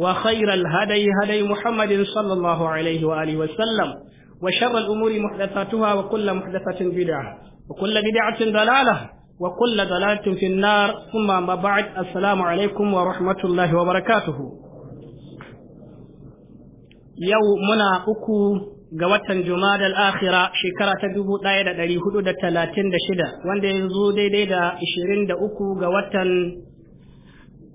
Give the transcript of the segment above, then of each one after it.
وخير الهدي هدي محمد صلى الله عليه وآله وسلم وشر الأمور محدثاتها وكل محدثة بدعة وكل بدعة ضلالة وكل ضلالة في النار ثم ما بعد السلام عليكم ورحمة الله وبركاته يوم منا أكو ga watan Jumada al-Akhira shekara ta 1436 wanda ya zo daidai da 23 ga watan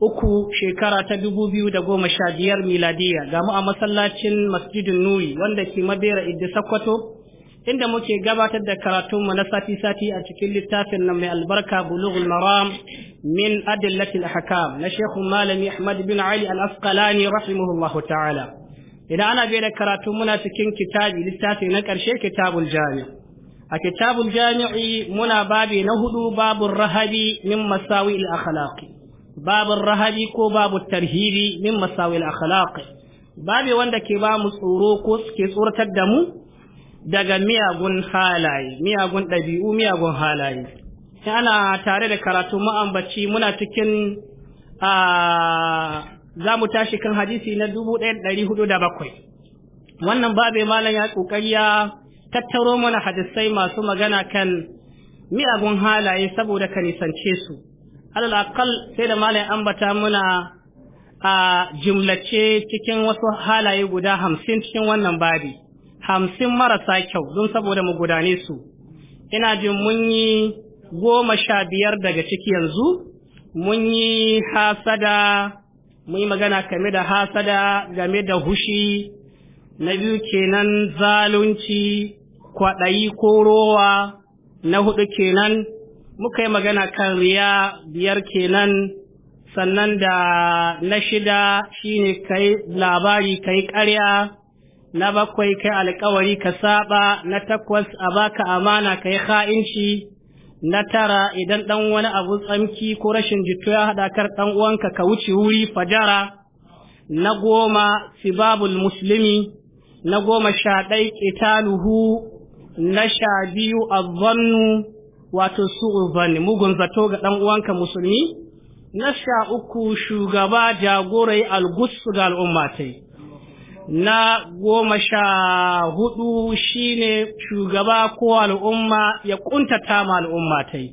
uku shekara ta dubu biyu da goma sha biyar miladiya ga mu a masallacin masjidin nuri wanda ke mabera idda sakkwato inda muke gabatar da karatunmu na sati-sati a cikin littafin nan mai albarka bulughul maram min adillatil ahkam na shehu malami ahmad bin ali al-asqalani rahimahullahu ta'ala idan ana bai da karatu muna cikin kitabi littafi na karshe kitabul jami a kitabul jami'i muna babi na hudu babun rahabi min masawi al-akhlaqi babin rahabi ko babu tarhibi min masawil akhlaq Babu wanda ke bamu tsoro ko ke tsoratar da mu daga miyagun halaye miyagun ɗabi'u miyagun halaye ana tare da karatu ma'ambaci muna cikin a za mu tashi kan hadisi na dubu ɗaya ɗari hudu da bakwai wannan Babu malam ya ƙoƙari ya tattaro mana hadisai masu magana kan miyagun halaye saboda ka nisance su alal aqal sai da malam ambata muna a jimlace cikin wasu halaye guda hamsin cikin wannan babi hamsin marasa kyau don saboda mu gudane su ina jin mun yi goma sha biyar daga ciki yanzu mun yi hasada mun yi magana game da hasada game da hushi na biyu kenan zalunci kwaɗayi ko rowa na hudu kenan muka yi magana kan riya biyar kenan sannan da na shida shine kai labari kai karya na bakwai kai alkawari ka saba na takwas a baka amana kai ha'inci na tara idan ɗan wani abu tsamki ko rashin ya hada kar dan uwanka ka wuce wuri fajara na goma sibabul muslimi na goma sha ɗai ƙitaluhu na sha biyu azzannu wato su ubani mugun zato ga dan uwanka musulmi na sha uku shugaba jagorai algussu ga al'umma tai na goma sha hudu shine shugaba ko al'umma ya kuntata ma al'umma tai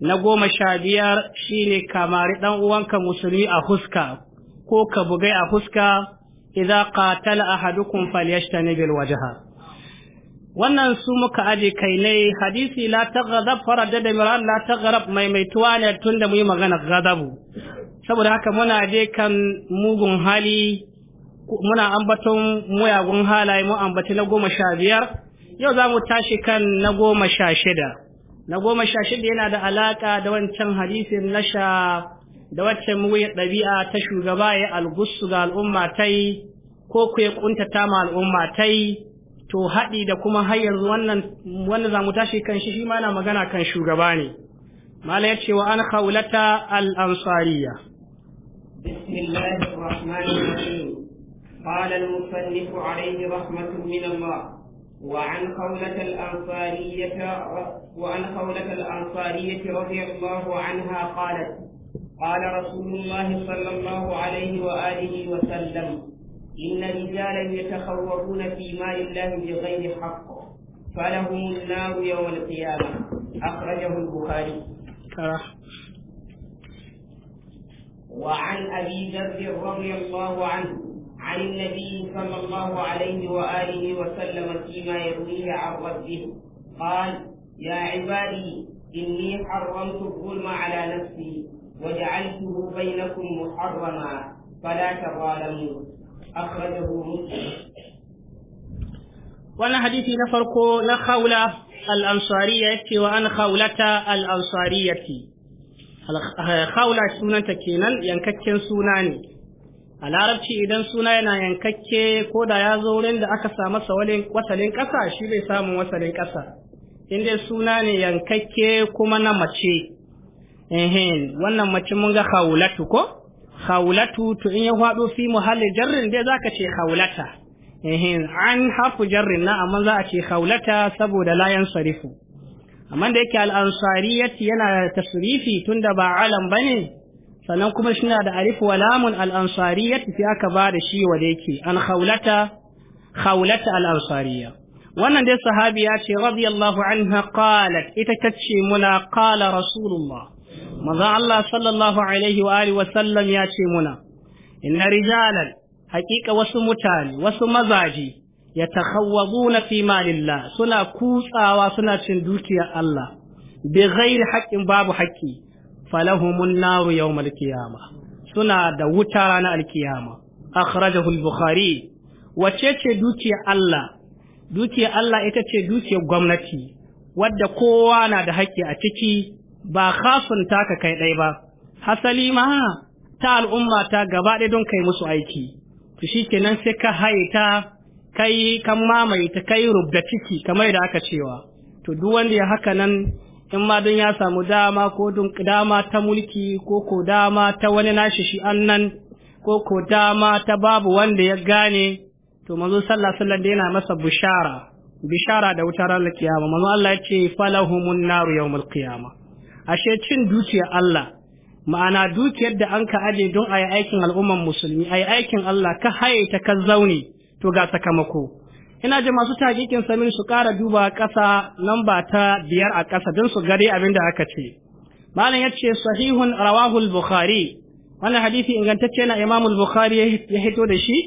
na goma sha biyar shine kamari dan uwanka musulmi a huska ko ka bugai a huska idza qatala ahadukum falyashtani bil wajha wannan su muka aje kai ne hadisi la taghadab farada da miran la taghrab tuwa ne tunda mu yi magana ghadabu saboda haka muna je kan mugun hali muna ambaton muyagun halaye mu ambaci na goma sha biyar yau za mu tashi kan na goma sha shida na goma sha shida yana da alaka da wancan hadisin na sha da wacce mugunyar ɗabi'a ta shugaba ya algussu ga al'umma ta yi ko ku ya ƙuntata ma al'umma ta yi to haɗi da kuma har yanzu wannan wanda za mu tashi kan shi shi ma na magana kan shugaba ne mala ya ce wa an khawlata al ansariya bismillahir rahmanir rahim qala al musannif وعن خولة الأنصارية وعن خولة الأنصارية رضي الله عنها قالت قال رسول الله صلى الله عليه وآله وسلم إن رجالا يتخوفون في مال الله بغير حق فلهم النار يوم القيامة أخرجه البخاري آه. وعن أبي ذر رضي الله عنه عن النبي صلى الله عليه وآله وسلم فيما يرويه عن ربه قال يا عبادي إني حرمت الظلم على نفسي وجعلته بينكم محرما فلا تظالموا أخرجه wannan hadisi na farko na khawla al-ansariya yake wa an khawlata al ce. khawla sunanta kenan yankakken suna ne a larabci idan suna yana yankakke ko da ya zo wurin da aka samu wasalin ƙasa shi bai samu wasalin ƙasa inda suna ne yankakke kuma na mace wannan mace mun ga khawlatu ko khawlatu to in ya fado fi muhalli jarrin dai zaka ce khawlata an harfu jarrin na amma za a ce khawlata saboda la yansarifu amma da yake al-ansariyati yana tasrifi tunda ba alam bane sannan kuma na da alif wa lamun al-ansariyati sai aka ba da shi wa da yake an khawlata khawlata al wannan dai sahabi ya ce radiyallahu anha qalat ita tace muna qala rasulullah manzon Allah sallallahu alaihi wa alihi sallam ya ce muna inna rijalan haƙiƙa wasu mutane wasu mazaji ya na fi malillah suna kutsawa suna cin dukiyar Allah bi ghairi haƙƙin babu haƙƙi falahumun naru yawmal qiyama suna da wuta ranar alkiyama akhrajahu al-bukhari wace ce dukiyar Allah dukiyar Allah ita ce dukiyar gwamnati wadda kowa na da haƙƙi a ciki ba khasun taka kai ɗai ba hasali ma ta al'umma ta gaba ɗaya don kai musu aiki to shikenan sai ka haita kai kan mamaye ta kai rubda ciki kamar da aka cewa to duk wanda ya haka nan in ma don ya samu dama ko don dama ta mulki ko ko dama ta wani nashi shi annan ko ko dama ta babu wanda ya gane to manzo sallallahu alaihi wasallam yana masa bishara bishara da wutar ranar kiyama manzo Allah ya ce falahumun naru yawmul qiyamah ashe cin dukiyar Allah ma'ana dukiyar da an ka aje don a yi aikin al'umman musulmi a yi aikin Allah ka haye ta ka zaune to ga sakamako ina ji masu takikin samin su ƙara duba ƙasa lamba ta biyar a ƙasa don su gare abin da aka ce malam ya ce sahihun rawahul bukhari wannan hadisi ingantacce na imamul bukhari ya hito da shi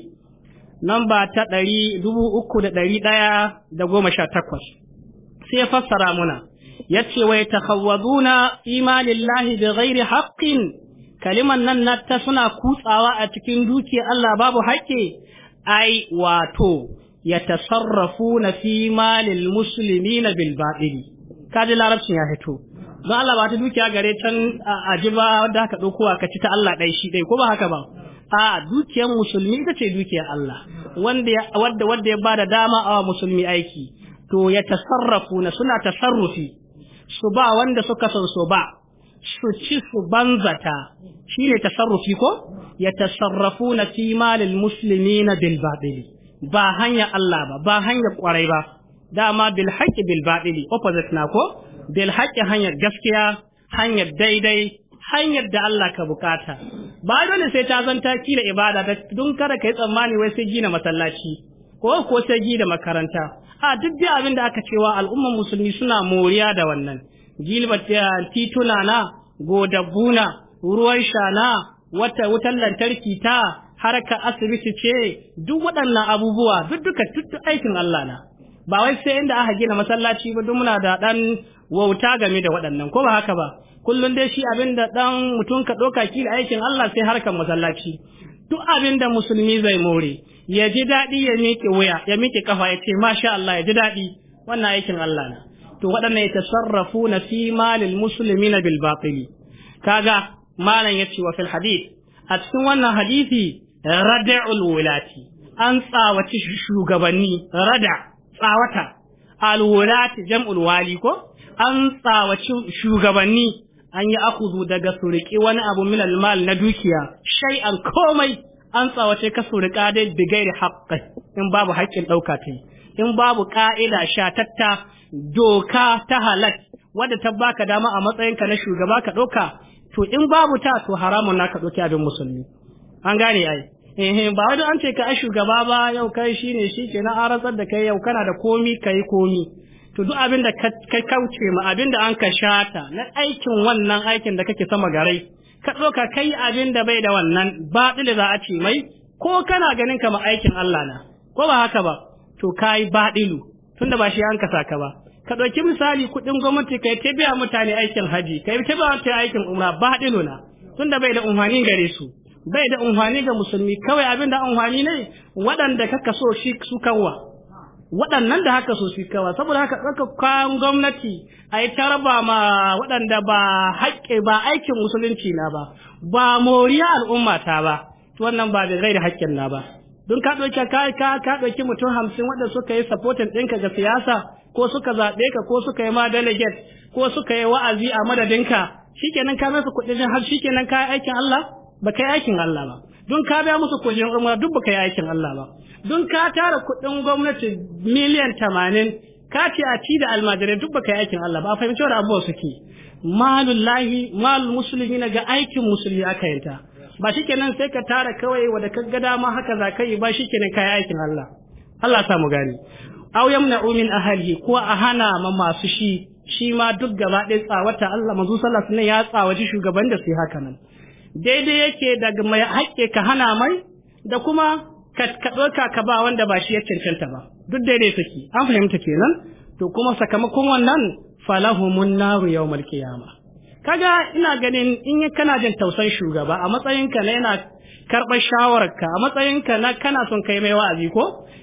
namba ta ɗari dubu uku da ɗari ɗaya da goma sha takwas sai ya fassara muna yace wa yatakhawaduna imanillahi bighairi haqqin kaliman nan ta suna kutsawa a cikin duki Allah babu haƙe? ai wato yatasarrafuna fi malil muslimina bil batili kaji larabcin ya fito don Allah ba ta dukiya gare can ajiba wadda aka ɗauko ka ci ta Allah ɗai shi ko ba haka ba a dukiyar musulmi ita ce dukiyar Allah wanda ya bada dama a musulmi aiki to ya tasarrafu na suna tasarrufi su ba wanda suka son su ba su ci su banzata shi ne tasarrufi ko ya tasarrafu na fi musulmi na bilbaɗili ba hanyar Allah ba ba hanyar ƙwarai ba dama bilhaƙi bilbaɗili opposite na ko bilhaƙi hanyar gaskiya hanyar daidai hanyar da Allah ka bukata ba dole sai ta zanta kila ibada don kada ka yi tsammani wai sai gina masallaci ko ko sai da makaranta a duk da abin da aka cewa al'umman musulmi suna moriya da wannan ya eh, tituna na godabbuna ruwan shana wata wutar lantarki ta harkar asibiti ce duk waɗannan abubuwa duk duka tuttu aikin Allah na ba wai sai inda aka gina masallaci ba duk muna da ɗan wauta game da waɗannan ko ba haka ba kullum dai shi abin da ɗan mutum ka ɗauka kila aikin Allah sai harkar masallaci duk abin da musulmi zai more ya ji daɗi ya miƙe wuya ya miƙe kafa ya ce masha Allah ya ji daɗi wannan aikin Allah na to waɗannan ya tasarrafu na fi malil musulmi na bil kaga malam yace wa fil hadith a cikin wannan hadisi rada'ul wulati an tsawaci shugabanni rada tsawata al jam'ul wali ko an tsawaci shugabanni an yi akuzu daga suriki wani abu milal Mal na dukiya shai an komai an tsawace ka surika dai da haƙƙai in babu haƙƙin ɗauka ta in babu ƙa'ida shatatta doka ta halar wadda ta baka dama a matsayinka na shugaba ka ɗauka to in babu ta to haramun naka ɗauki abin musulmi an gane ai eh ba wani an ce ka ai shugaba ba yau kai shine ke na aransar da kai yau kana da komi kai komi to duk abin da ka kauce ma abin da an ka shata na aikin wannan aikin da kake sama garai ka ɗauka kai abin da bai da wannan baɗi za a ce mai ko kana ganin kama aikin Allah na ko ba haka ba to kai baɗilu tunda ba shi an ka saka ba ka ɗauki misali kuɗin gwamnati kai ta biya mutane aikin haji kai ta biya mutane aikin umra baɗilu na tunda bai da umhani gare su bai da umhani ga musulmi kawai abin da umhani ne waɗanda kaka so shi su kanwa waɗannan da haka so su kawa saboda haka tsaka kayan gwamnati a yi tarba ma waɗanda ba haƙƙe ba aikin musulunci na ba ba moriya al'umma ta ba wannan ba da gaira haƙƙin na ba don ka ɗauki ka ka ɗauki mutum hamsin waɗanda suka yi supporting ɗinka ga siyasa ko suka zaɓe ka ko suka yi ma delegate ko suka yi wa'azi a madadinka shikenan ka rasa kuɗin har shikenan ka yi aikin Allah ba ka aikin Allah ba don ka biya musu kujerin umra duk baka yi aikin Allah ba don ka tara kuɗin gwamnati miliyan tamanin ka ce a ci da almajirai duk baka yi aikin Allah ba a fahimci wani abubuwa suke lahi malul musulmi na ga aikin musulmi aka yanta ba shi kenan sai ka tara kawai wadda ka ga dama haka za ka yi ba shi kenan ka yi aikin Allah Allah sa mu gani aw yamna'u ahali, ahlihi ko a hana ma masu shi shi ma duk gaba ɗaya tsawata Allah manzo sallallahu alaihi wasallam ya tsawaci shugaban da su haka nan daidai yake daga mai haƙƙe ka hana mai da kuma ka ɗauka ka ba wanda ba shi ya cancanta ba duk daidai take an fahimta kenan to kuma sakamakon wannan falahumun naru yau malkiyama kaga ina ganin in kana jin tausan shugaba a matsayinka na yana karɓar shawararka a matsayinka na kana son kai mai wa'azi ko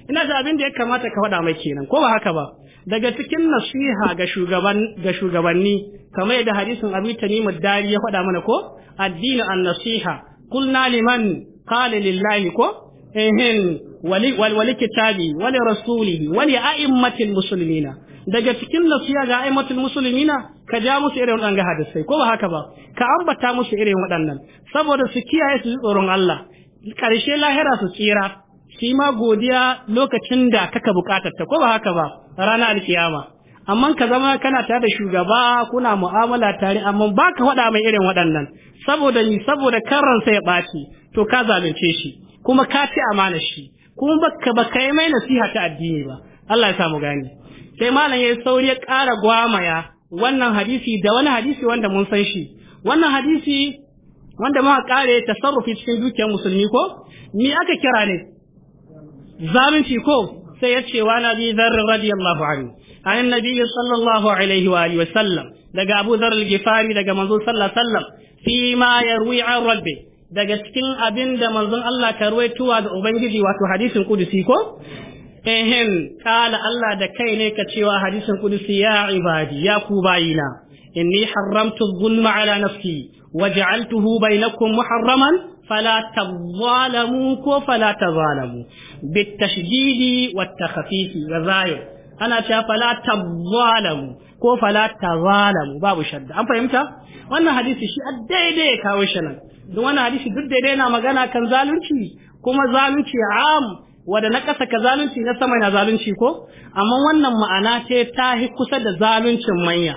ina da abin da ya kamata ka faɗa mai kenan ko ba haka ba daga cikin nasiha ga shugaban ga shugabanni kamar yadda hadisin Abi Tamim dari ya faɗa mana ko addinu an-nasiha qulna liman qala lillahi ko ehin wali wal kitabi wali rasulihi wali a'immatil muslimina daga cikin nasiha ga a'immatul muslimina ka ja musu irin waɗannan hadisai ko ba haka ba ka ambata musu irin waɗannan saboda su kiyaye su tsoron Allah karshe lahira su tsira su ma godiya lokacin da kaka bukatar ta ko ba haka ba Rana alkiyama amma ka zama kana tare da shugaba kuna mu'amala tare amma baka faɗa mai irin waɗannan saboda ni saboda karan sai ya baci to ka zalunce shi kuma ka ci amana shi kuma baka ba yi mai nasiha ta addini ba Allah ya sa mu gani sai malam ya sauri ya ƙara gwamaya wannan hadisi da wani hadisi wanda mun san shi wannan hadisi wanda ma kare tasarrufi cikin dukiyar musulmi ko ni aka kira ne zalunci ko sai ya ce wa nabi dharr radiyallahu anhu an nabi sallallahu alaihi wa alihi daga abu dharr al daga manzon sallallahu alaihi wasallam fi ma yarwi an rabbi daga cikin abin da manzon Allah ka ruwaituwa ga ubangiji wato hadisin kudusi ko ehin kala Allah da kai ne ka cewa hadisin kudusi ya ibadi ya ku bayina inni haramtu zulma ala nafsi waj'altuhu bainakum muharraman fala tazalamu ko fala tazalamu بالتشديد wa zayo. ana cewa fala tazalamu ko fala tazalamu babu shadda an fahimta wannan hadisi shi daidai ya kawo shi nan don wannan hadisi duk daidai na magana kan zalunci kuma zalunci am wanda na kasa ka zalunci na sama na zalunci ko amma wannan ma'ana ce ta hi kusa da zaluncin manya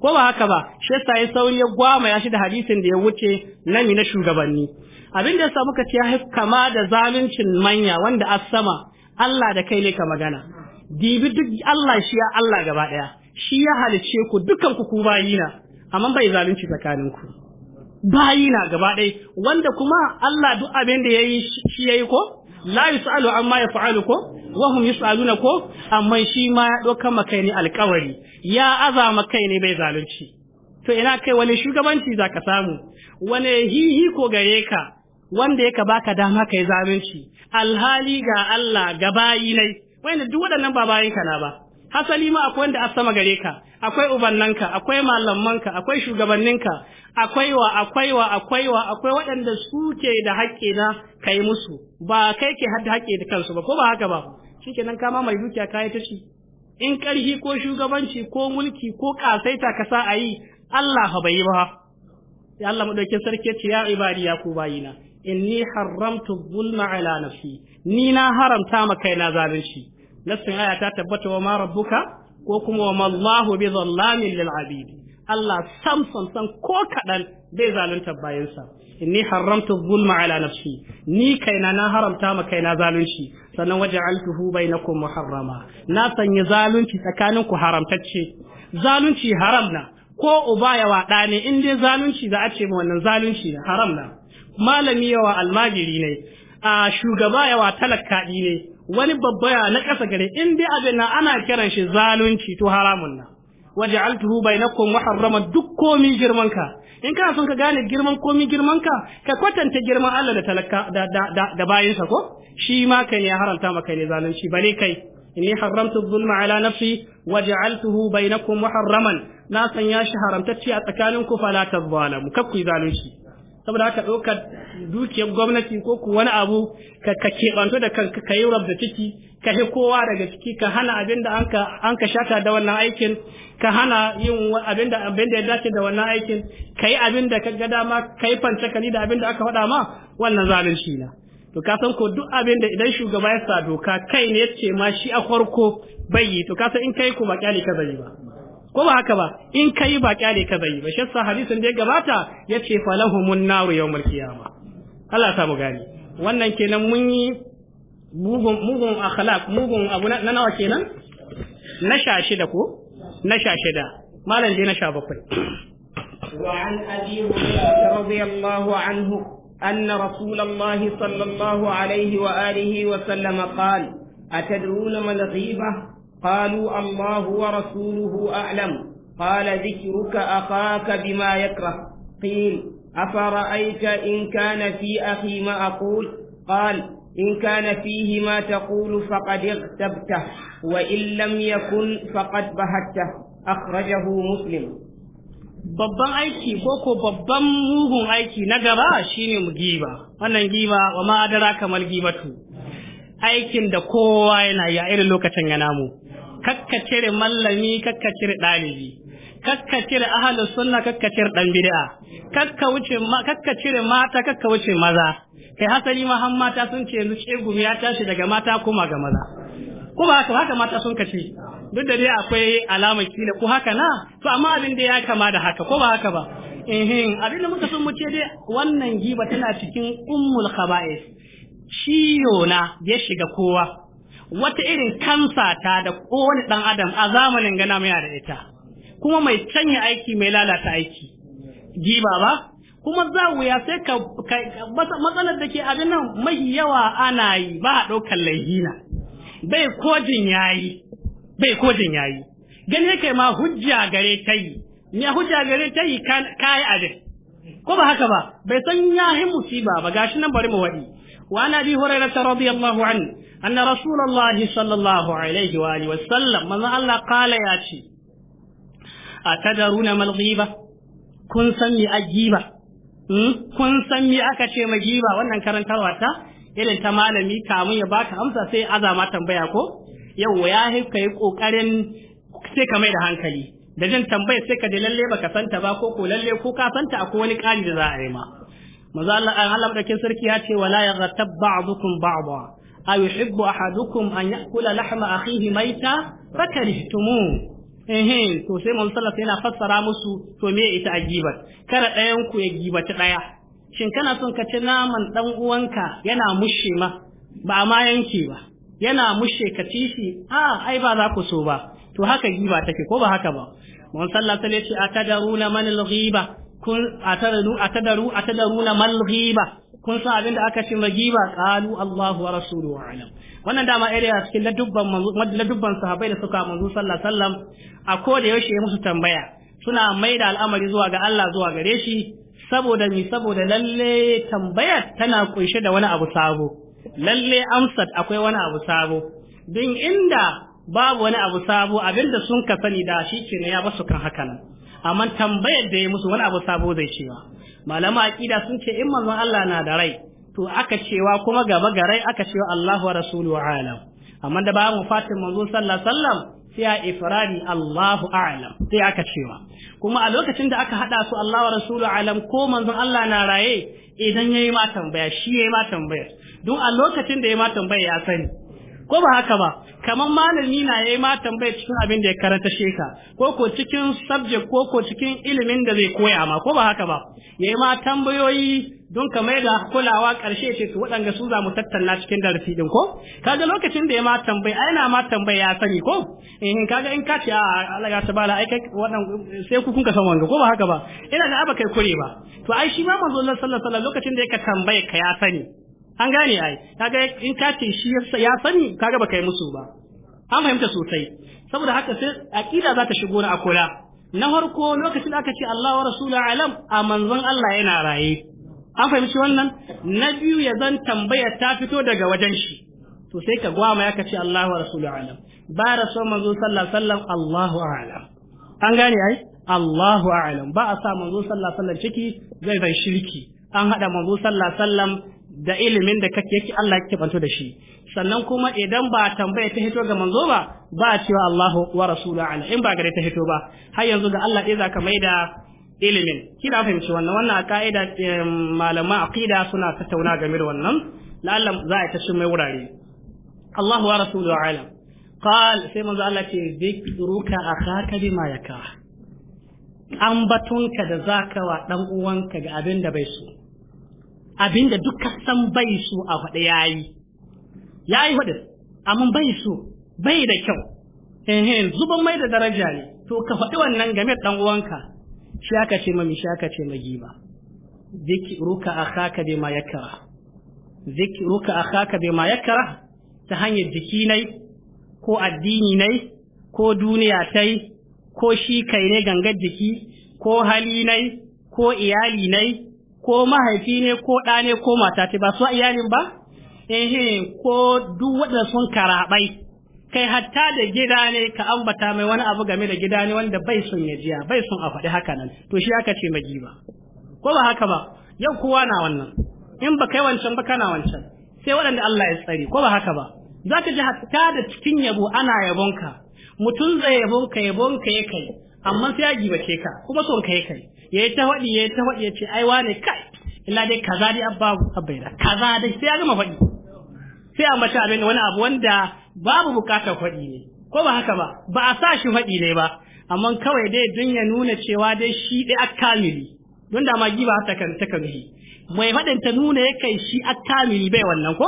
ko ba haka ba shi yasa ya sauri ya gwama ya shi da hadisin da ya wuce nami na shugabanni abin da yasa muka ce ya kama da zaluncin manya wanda as sama Allah da kai ne ka magana dibi duk Allah shi ya Allah gaba daya shi ya halice ku dukan ku ku bayina amma bai zalunci tsakanin ku bayina gaba daya wanda kuma Allah duk abin da yayi shi yayi ko la yusalu amma yaf'alu ko wa hum yusaluna ko amma shi ma ya doka makai ne alƙawari ya azama kai ne bai zalunci to ina kai wani shugabanci zaka samu wane hihi ko gare ka wanda yaka baka dama kai zalunci alhali ga Allah ga bayi nai wanda duk waɗannan ba bayin ka na ba hasali ma akwai wanda asama gare ka akwai ubannanka akwai malamanka akwai shugabanninka akwai wa akwai wa akwai wa akwai waɗanda suke da haƙƙi na kai musu ba kai ke hadda haƙƙi da kansu ba ko ba haka ba shikenan kama mai dukiya kai ta ci in karhi ko shugabanci ko mulki ko kasaita ka sa a yi Allah ba yi ba Ya Allah madaukin sarki ya ce ya ibadi ya ku bayina inni haramtu zulma ala nafsi ni na haramta ma kaina zalunci nassin aya ta tabbata wa ma rabbuka ko kuma wa mallahu bi zallamin lil abid Allah sam sam san ko kadan bai zalunta bayansa inni haramtu zulma ala nafsi ni kaina na haramta ma kaina zalunci sannan waja'altuhu bainakum muharrama na sanya zalunci ku haramtacce zalunci haram na ko uba yawa ne in dai zalunci za a ce ma wannan zalunci haram na malami yawa almajiri ne a shugaba yawa talaka ne wani babba yawa na ƙasa gare in dai abin na ana kiran shi zalunci to haramun na waje altuhu bai na kun muharrama duk komi girman ka in kana son ka gane girman komi girman ka ka kwatanta girman Allah da talaka da da da bayinsa ko shi ma kai ne haramta kai ne zalunci bale kai inni haramtu zulma ala nafsi waja'altuhu bainakum muharraman na san ya shi haramtacci a tsakanin ku fala tazalamu kakku zalunci saboda haka ɗaukar dukiyar gwamnati ko ku wani abu ka ka keɓanto da kanka ka yi da ciki ka hi kowa daga ciki ka hana abin da an ka shata da wannan aikin ka hana yin abin da abin da ya dace da wannan aikin ka yi abin da ka ga dama ka yi fancakali da abin da aka faɗa ma wannan zalunci na to ka san ko duk abin da idan shugaba ya sa doka kai ne ya ce ma shi a farko bai yi to ka san in kai ko ba kyale ka zai ba ko ba haka ba in kai ba kyale ka zai ba shi hadisin da ya gabata yace falahumun naru yau qiyama Allah ta mu gani wannan kenan mun yi mugun mugun akhlaq mugun abu na nawa kenan na sha shida ko na sha shida malam dai na sha bakwai wa an abi رضي radiyallahu anhu أن رسول الله صلى الله عليه وآله وسلم قال أتدرون ما الغيبة قالوا الله ورسوله أعلم قال ذكرك أخاك بما يكره قيل أفرأيت إن كان في أخي ما أقول قال إن كان فيه ما تقول فقد اغتبته وإن لم يكن فقد بهته أخرجه مسلم babban aiki ko ko babban mugun aiki na gaba shine mu giba wannan giba wa ma adara kamar gibatu aikin da kowa yana yi a irin lokacin ya namu kakka cire mallami kakka cire ɗalibi kakka cire ahalus sunna kakka cire dan bid'a kakka wuce kakka cire mata kakka wuce maza kai hasali ma har mata sun ce yanzu gumi ya tashi daga mata kuma ga maza ko ba haka haka mata sun kace duk da dai akwai alamar kila ko haka na to amma abin da ya kama da haka ko ba haka ba ehin abin da muka sun mu ce dai wannan giba tana cikin ummul khaba'is ciyo na ya shiga kowa wata irin kansa ta da kowane dan adam a zamanin gana mai da ita kuma mai canya aiki mai lalata aiki giba ba kuma za wuya sai ka matsalar da ke abin nan mai yawa ana yi ba a ɗaukar laihina bai kojin yayi bai kojin yayi gani kai ma hujja gare ta yi ni hujja gare ta yi kayi abin ko ba haka ba bai san yahin musiba ba gashi nan bari mu waɗi وعن ابي هريره رضي الله عنه ان رسول الله صلى الله عليه واله وسلم من الله قال يا شي اتدرون ما الغيبه كن سمي اجيبه kun san mi aka ce ma magiba wannan karantarwa ta irin ta malami kamun ya baka amsa sai azama tambaya ko yau ya ka yi kokarin ka mai da hankali da jan tambayar sai ka da lalle baka santa ba ko ko lalle ko ka santa akwai wani kali da za a yi ma maza Allah an Allah madaukin sarki ya ce wala yartab ba'dukum ba'dha a yuhibbu ahadukum an ya'kula lahma akhihi maita fakarihtumu ehe to sai mun sallah yana fassara musu to me ita agibar kada ɗayan ku ya gibaci ɗaya shin kana son ka ci naman dan uwanka yana mushe ma ba ma yanke ba yana mushe ka ci shi a ai ba za ku so ba to haka giba take ko ba haka ba mun sallah sai ce atadaruna man al-ghiba kun atadaru atadaru atadaru na malghiba kun san abin da aka ce magiba qalu Allahu wa rasuluhu alam wannan dama area cikin da dubban sahabbai da suka manzo sallallahu alaihi wasallam a ko da yaushe musu tambaya suna mai da al'amari zuwa ga Allah zuwa gare shi saboda ni saboda lalle tambayar tana kunshe da wani abu sabo lalle amsat akwai wani abu sabo din inda babu wani abu sabo abinda sun ka sani da shi ne ya basu kan haka nan amma tambayar da ya musu wani abu sabo zai cewa malama aqida sun ce in manzon Allah na da rai to aka cewa kuma gaba ga rai aka cewa Allahu wa rasuluhu alam amma da ba mu fatin manzon sallallahu alaihi wasallam sai a ifradi Allahu a'lam sai aka cewa kuma a lokacin da aka hada su Allahu wa rasuluhu alam ko manzon Allah na raye idan yayi ma tambaya shi yayi ma tambaya don a lokacin da yayi ma tambaya ya sani ko ba haka ba kamar malami na yayi ma tambaye cikin abin da ya karanta sheka ko ko cikin subject ko ko cikin ilimin da zai koya ma ko ba haka ba yayi ma tambayoyi don ka mai da kulawa karshe ce su waɗanga su za mu tattalla cikin darasi din ko kaga lokacin da ya ma tambayi ai na ma tambayi ya sani ko in eh, kaga in ka ce a Allah ya tabala ai kai waɗan sai ku kun ka san wanga ko ba haka ba ina da aba kai kure ba to ai shi ma manzo Allah sallallahu alaihi wasallam lokacin da yake tambaye ka ya sani an gane ai kaga in ka ce shi ya sani kaga baka yi musu ba an fahimta sosai saboda haka sai aqida za ta shigo na akula na harko lokacin aka ce Allah wa rasulu alam a manzon Allah yana raye an fahimci wannan na biyu ya zan tambaya ta fito daga wajen shi to sai ka gwama ya kace Allah wa rasulu alam ba rasul manzo sallallahu alaihi wasallam Allahu a'lam an gane ai Allahu a'lam ba a sa manzo sallallahu alaihi wasallam ciki zai bai shirki an hada manzo sallallahu alaihi wasallam da ilimin da kake yake Allah yake banto da shi sannan kuma idan ba tambaya ta hito ga manzo ba ba cewa Allahu wa rasulu ala in ba gare ta hito ba har yanzu ga Allah dai zaka maida ilimin kina fahimci wannan wannan a ka'ida aqida suna tattauna game da wannan la'allam za a tashi mai wurare Allahu wa rasulu ala qal sai manzo Allah ce zikruka akhaka bima yakah ambatunka da zaka wa dan uwanka ga abin da bai so Abin da duka san bai so a ya yi. yayi yi faɗa, amma bai so bai da kyau Ehe zuban mai da daraja ne to ka faɗi wannan game da ɗan'uwanka. uwanka shi aka ce mami shi aka ce magiba zikruka Ruka a haka bai ma ya kara. ta hanyar jiki nai ko addini nai ko duniya tai ko shi kai ne gangar jiki ko hali nai ko iyali nai ko mahaifi ne ko ɗa ne ko mata ce ba su iyalin ba ehe ko duk waɗanda sun karaɓai kai hatta da gida ne ka ambata mai wani abu game da gida ne wanda bai sun ya jiya bai sun a faɗi haka nan to shi aka ce magi ba ko ba haka ba yau kowa na wannan in ba kai wancan ba kana wancan sai waɗanda Allah ya tsari ko ba haka ba za ka ji hatta da cikin yabo ana yabonka mutum zai yabonka yabonka ya kai amma sai ya gibace ka kuma son ka ya kai yayi ta faɗi ya ta faɗi ce ai wane kai illa dai kaza dai abba kaza dai sai ya gama faɗi sai a mace abin wani abu wanda babu bukatar faɗi ne ko ba haka ba ba a sa shi faɗi ne ba amma kawai dai don ya nuna cewa dai shi dai akamili don da ma giba ta kan ta kan yi mai faɗin ta nuna ya kai shi akamili bai wannan ko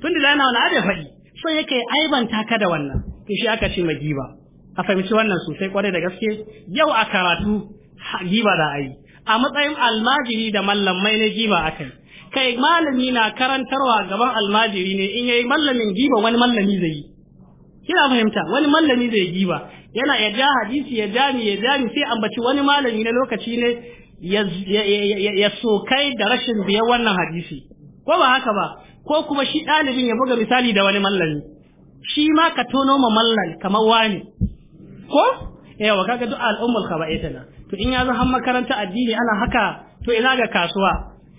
tunda da yana wani abin faɗi so yake aibanta ka da wannan to shi aka ce magiba a fahimci wannan sosai kwarai da gaske yau a karatu giba da a matsayin almajiri da mallamai na giba akai kai malami na karantarwa gaban almajiri ne in yayi mallamin giba wani mallami zai yi kina fahimta wani mallami zai giba yana ya ja hadisi ya jami ya jami sai ambaci wani malami na lokaci ne ya sokai da rashin biya wannan hadisi ko ba haka ba ko kuma shi ɗalibin ya buga misali da wani mallami shi ma ka tono ma mallan kamar wani ko yawa kaga duk al'ummul khaba'itana to in ya zo har makaranta addini ana haka to ina ga kasuwa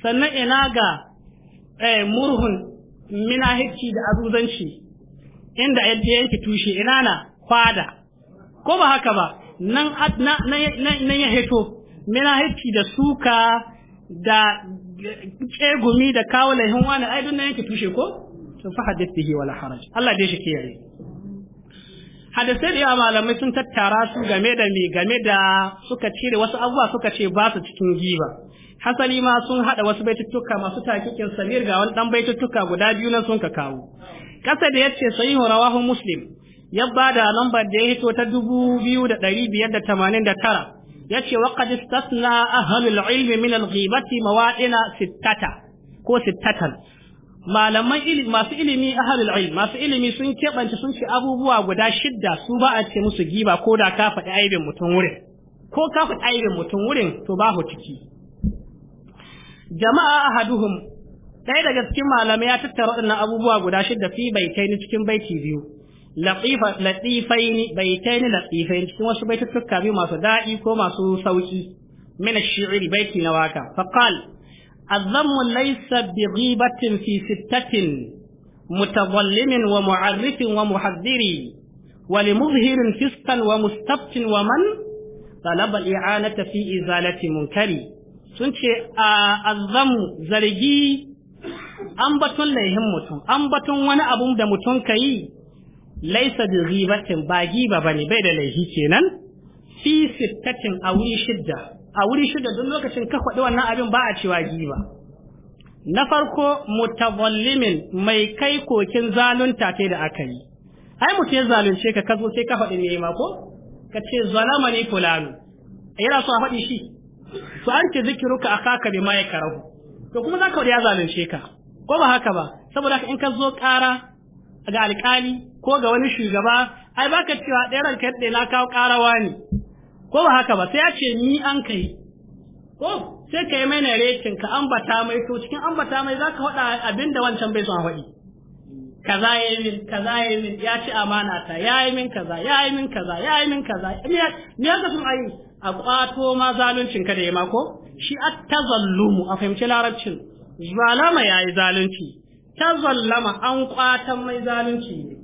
sannan ina ga eh, murhun minahici da azuzanci inda yadda yanki tushe ina na fada ko ba haka ba nan nan ya heto minahici da suka da kegumi da kawo lahin wani ai dun nan yanki tushe ko to fa hadithihi wala haraj Allah dai shi yi. hadisai da yawa malamai sun tattara su game da me game da suka cire wasu abubuwa suka ce ba su cikin giba hasali ma sun hada wasu baituttuka masu takikin samir ga wani dan baituttuka guda biyu na sun ka kawo kasa da yace sahihu rawahu muslim ya bada lambar da ya hito ta dubu biyu da ɗari biyar da tamanin da tara ya ce wa qad istasna ahlul ilmi min al-ghibati mawadina sittata ko sittatan malaman ilimi masu ilimi ahalul ilm masu ilimi sun keɓance sun ce abubuwa guda shidda su ba a ce musu giba ko da ka faɗi aibin mutum wurin ko ka faɗi aibin mutum wurin to ba ku ciki jama'a ahaduhum ɗaya daga cikin malamai ya tattara waɗannan abubuwa guda shidda fi baitai ni cikin baiti biyu latifa latifaini baitai ni latifaini cikin wasu baitattukka biyu masu dadi ko masu sauki min ash-shi'ri baiti na waka faqal الذم ليس بغيبة في ستة متظلم ومعرف ومحذر ولمظهر فسقا ومستبت ومن طلب الإعانة في إزالة منكر سنشي الذم زرجي ambaton laihin mutum ambaton wani abun da mutum ka yi laisa bi ghibatin ba giba bane bai da laifi kenan fi sittatin a wuri shidda a wuri shida duk lokacin ka faɗi wannan abin ba a cewa giba na farko mutawallimin mai kai kokin zalunta ta da aka yi ai mutum ya zalunce ka kazo sai ka faɗi ne ma ko ka ce zalama ne fulanu eh, yana so a faɗi shi to an ce ka akaka bi ma karahu to kuma za ka ya zalunce ka ko ba haka ba saboda in ka zo ƙara ga alƙali ko ga wani shugaba ai baka cewa ɗaya ranka yadda na kawo ƙarawa ne ko ba haka ba sai ya ce ni an kai ko sai ka yi mana rekin ka ambata mai to cikin ambata mai za ka faɗa abin wancan bai son faɗi kaza ya yi min kaza ya ya ci amana ta ya yi min kaza ya yi min kaza ya yi min kaza me ya sun ayi a ƙwato ma zaluncin ka da ya mako shi a tazallumu a fahimci larabcin zalama ya yi zalunci tazallama an kwatan mai zalunci ne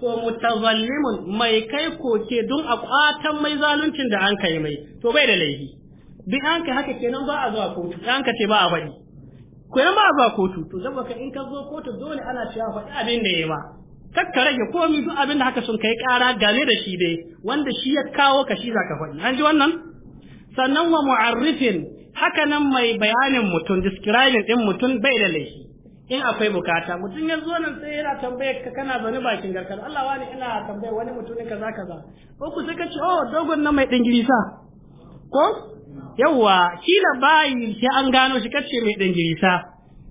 ko mutazallimun mai kai koke don a kwatan mai zaluncin da an kai mai to bai da laifi Bi an kai haka kenan ba a zuwa kotu an ka ce ba a faɗi kenan ba a zuwa kotu to zaba ka in ka zo kotu dole ana cewa faɗi abin da ya ba kakka rage komi duk abin da haka sun kai ƙara game da shi dai wanda shi ya kawo ka shi za ka faɗi an ji wannan sannan wa mu'arrifin haka nan mai bayanin mutum describing din mutum bai da laifi in akwai bukata mutum ya zo nan sai yana tambayar ka kana zaune bakin garka Allah wani ina tambayar wani mutumin kaza kaza ko ku sai ka ce oh dogon nan mai dingiri girisa? ko yawwa kila bayi sai an gano shi kace mai dingiri girisa?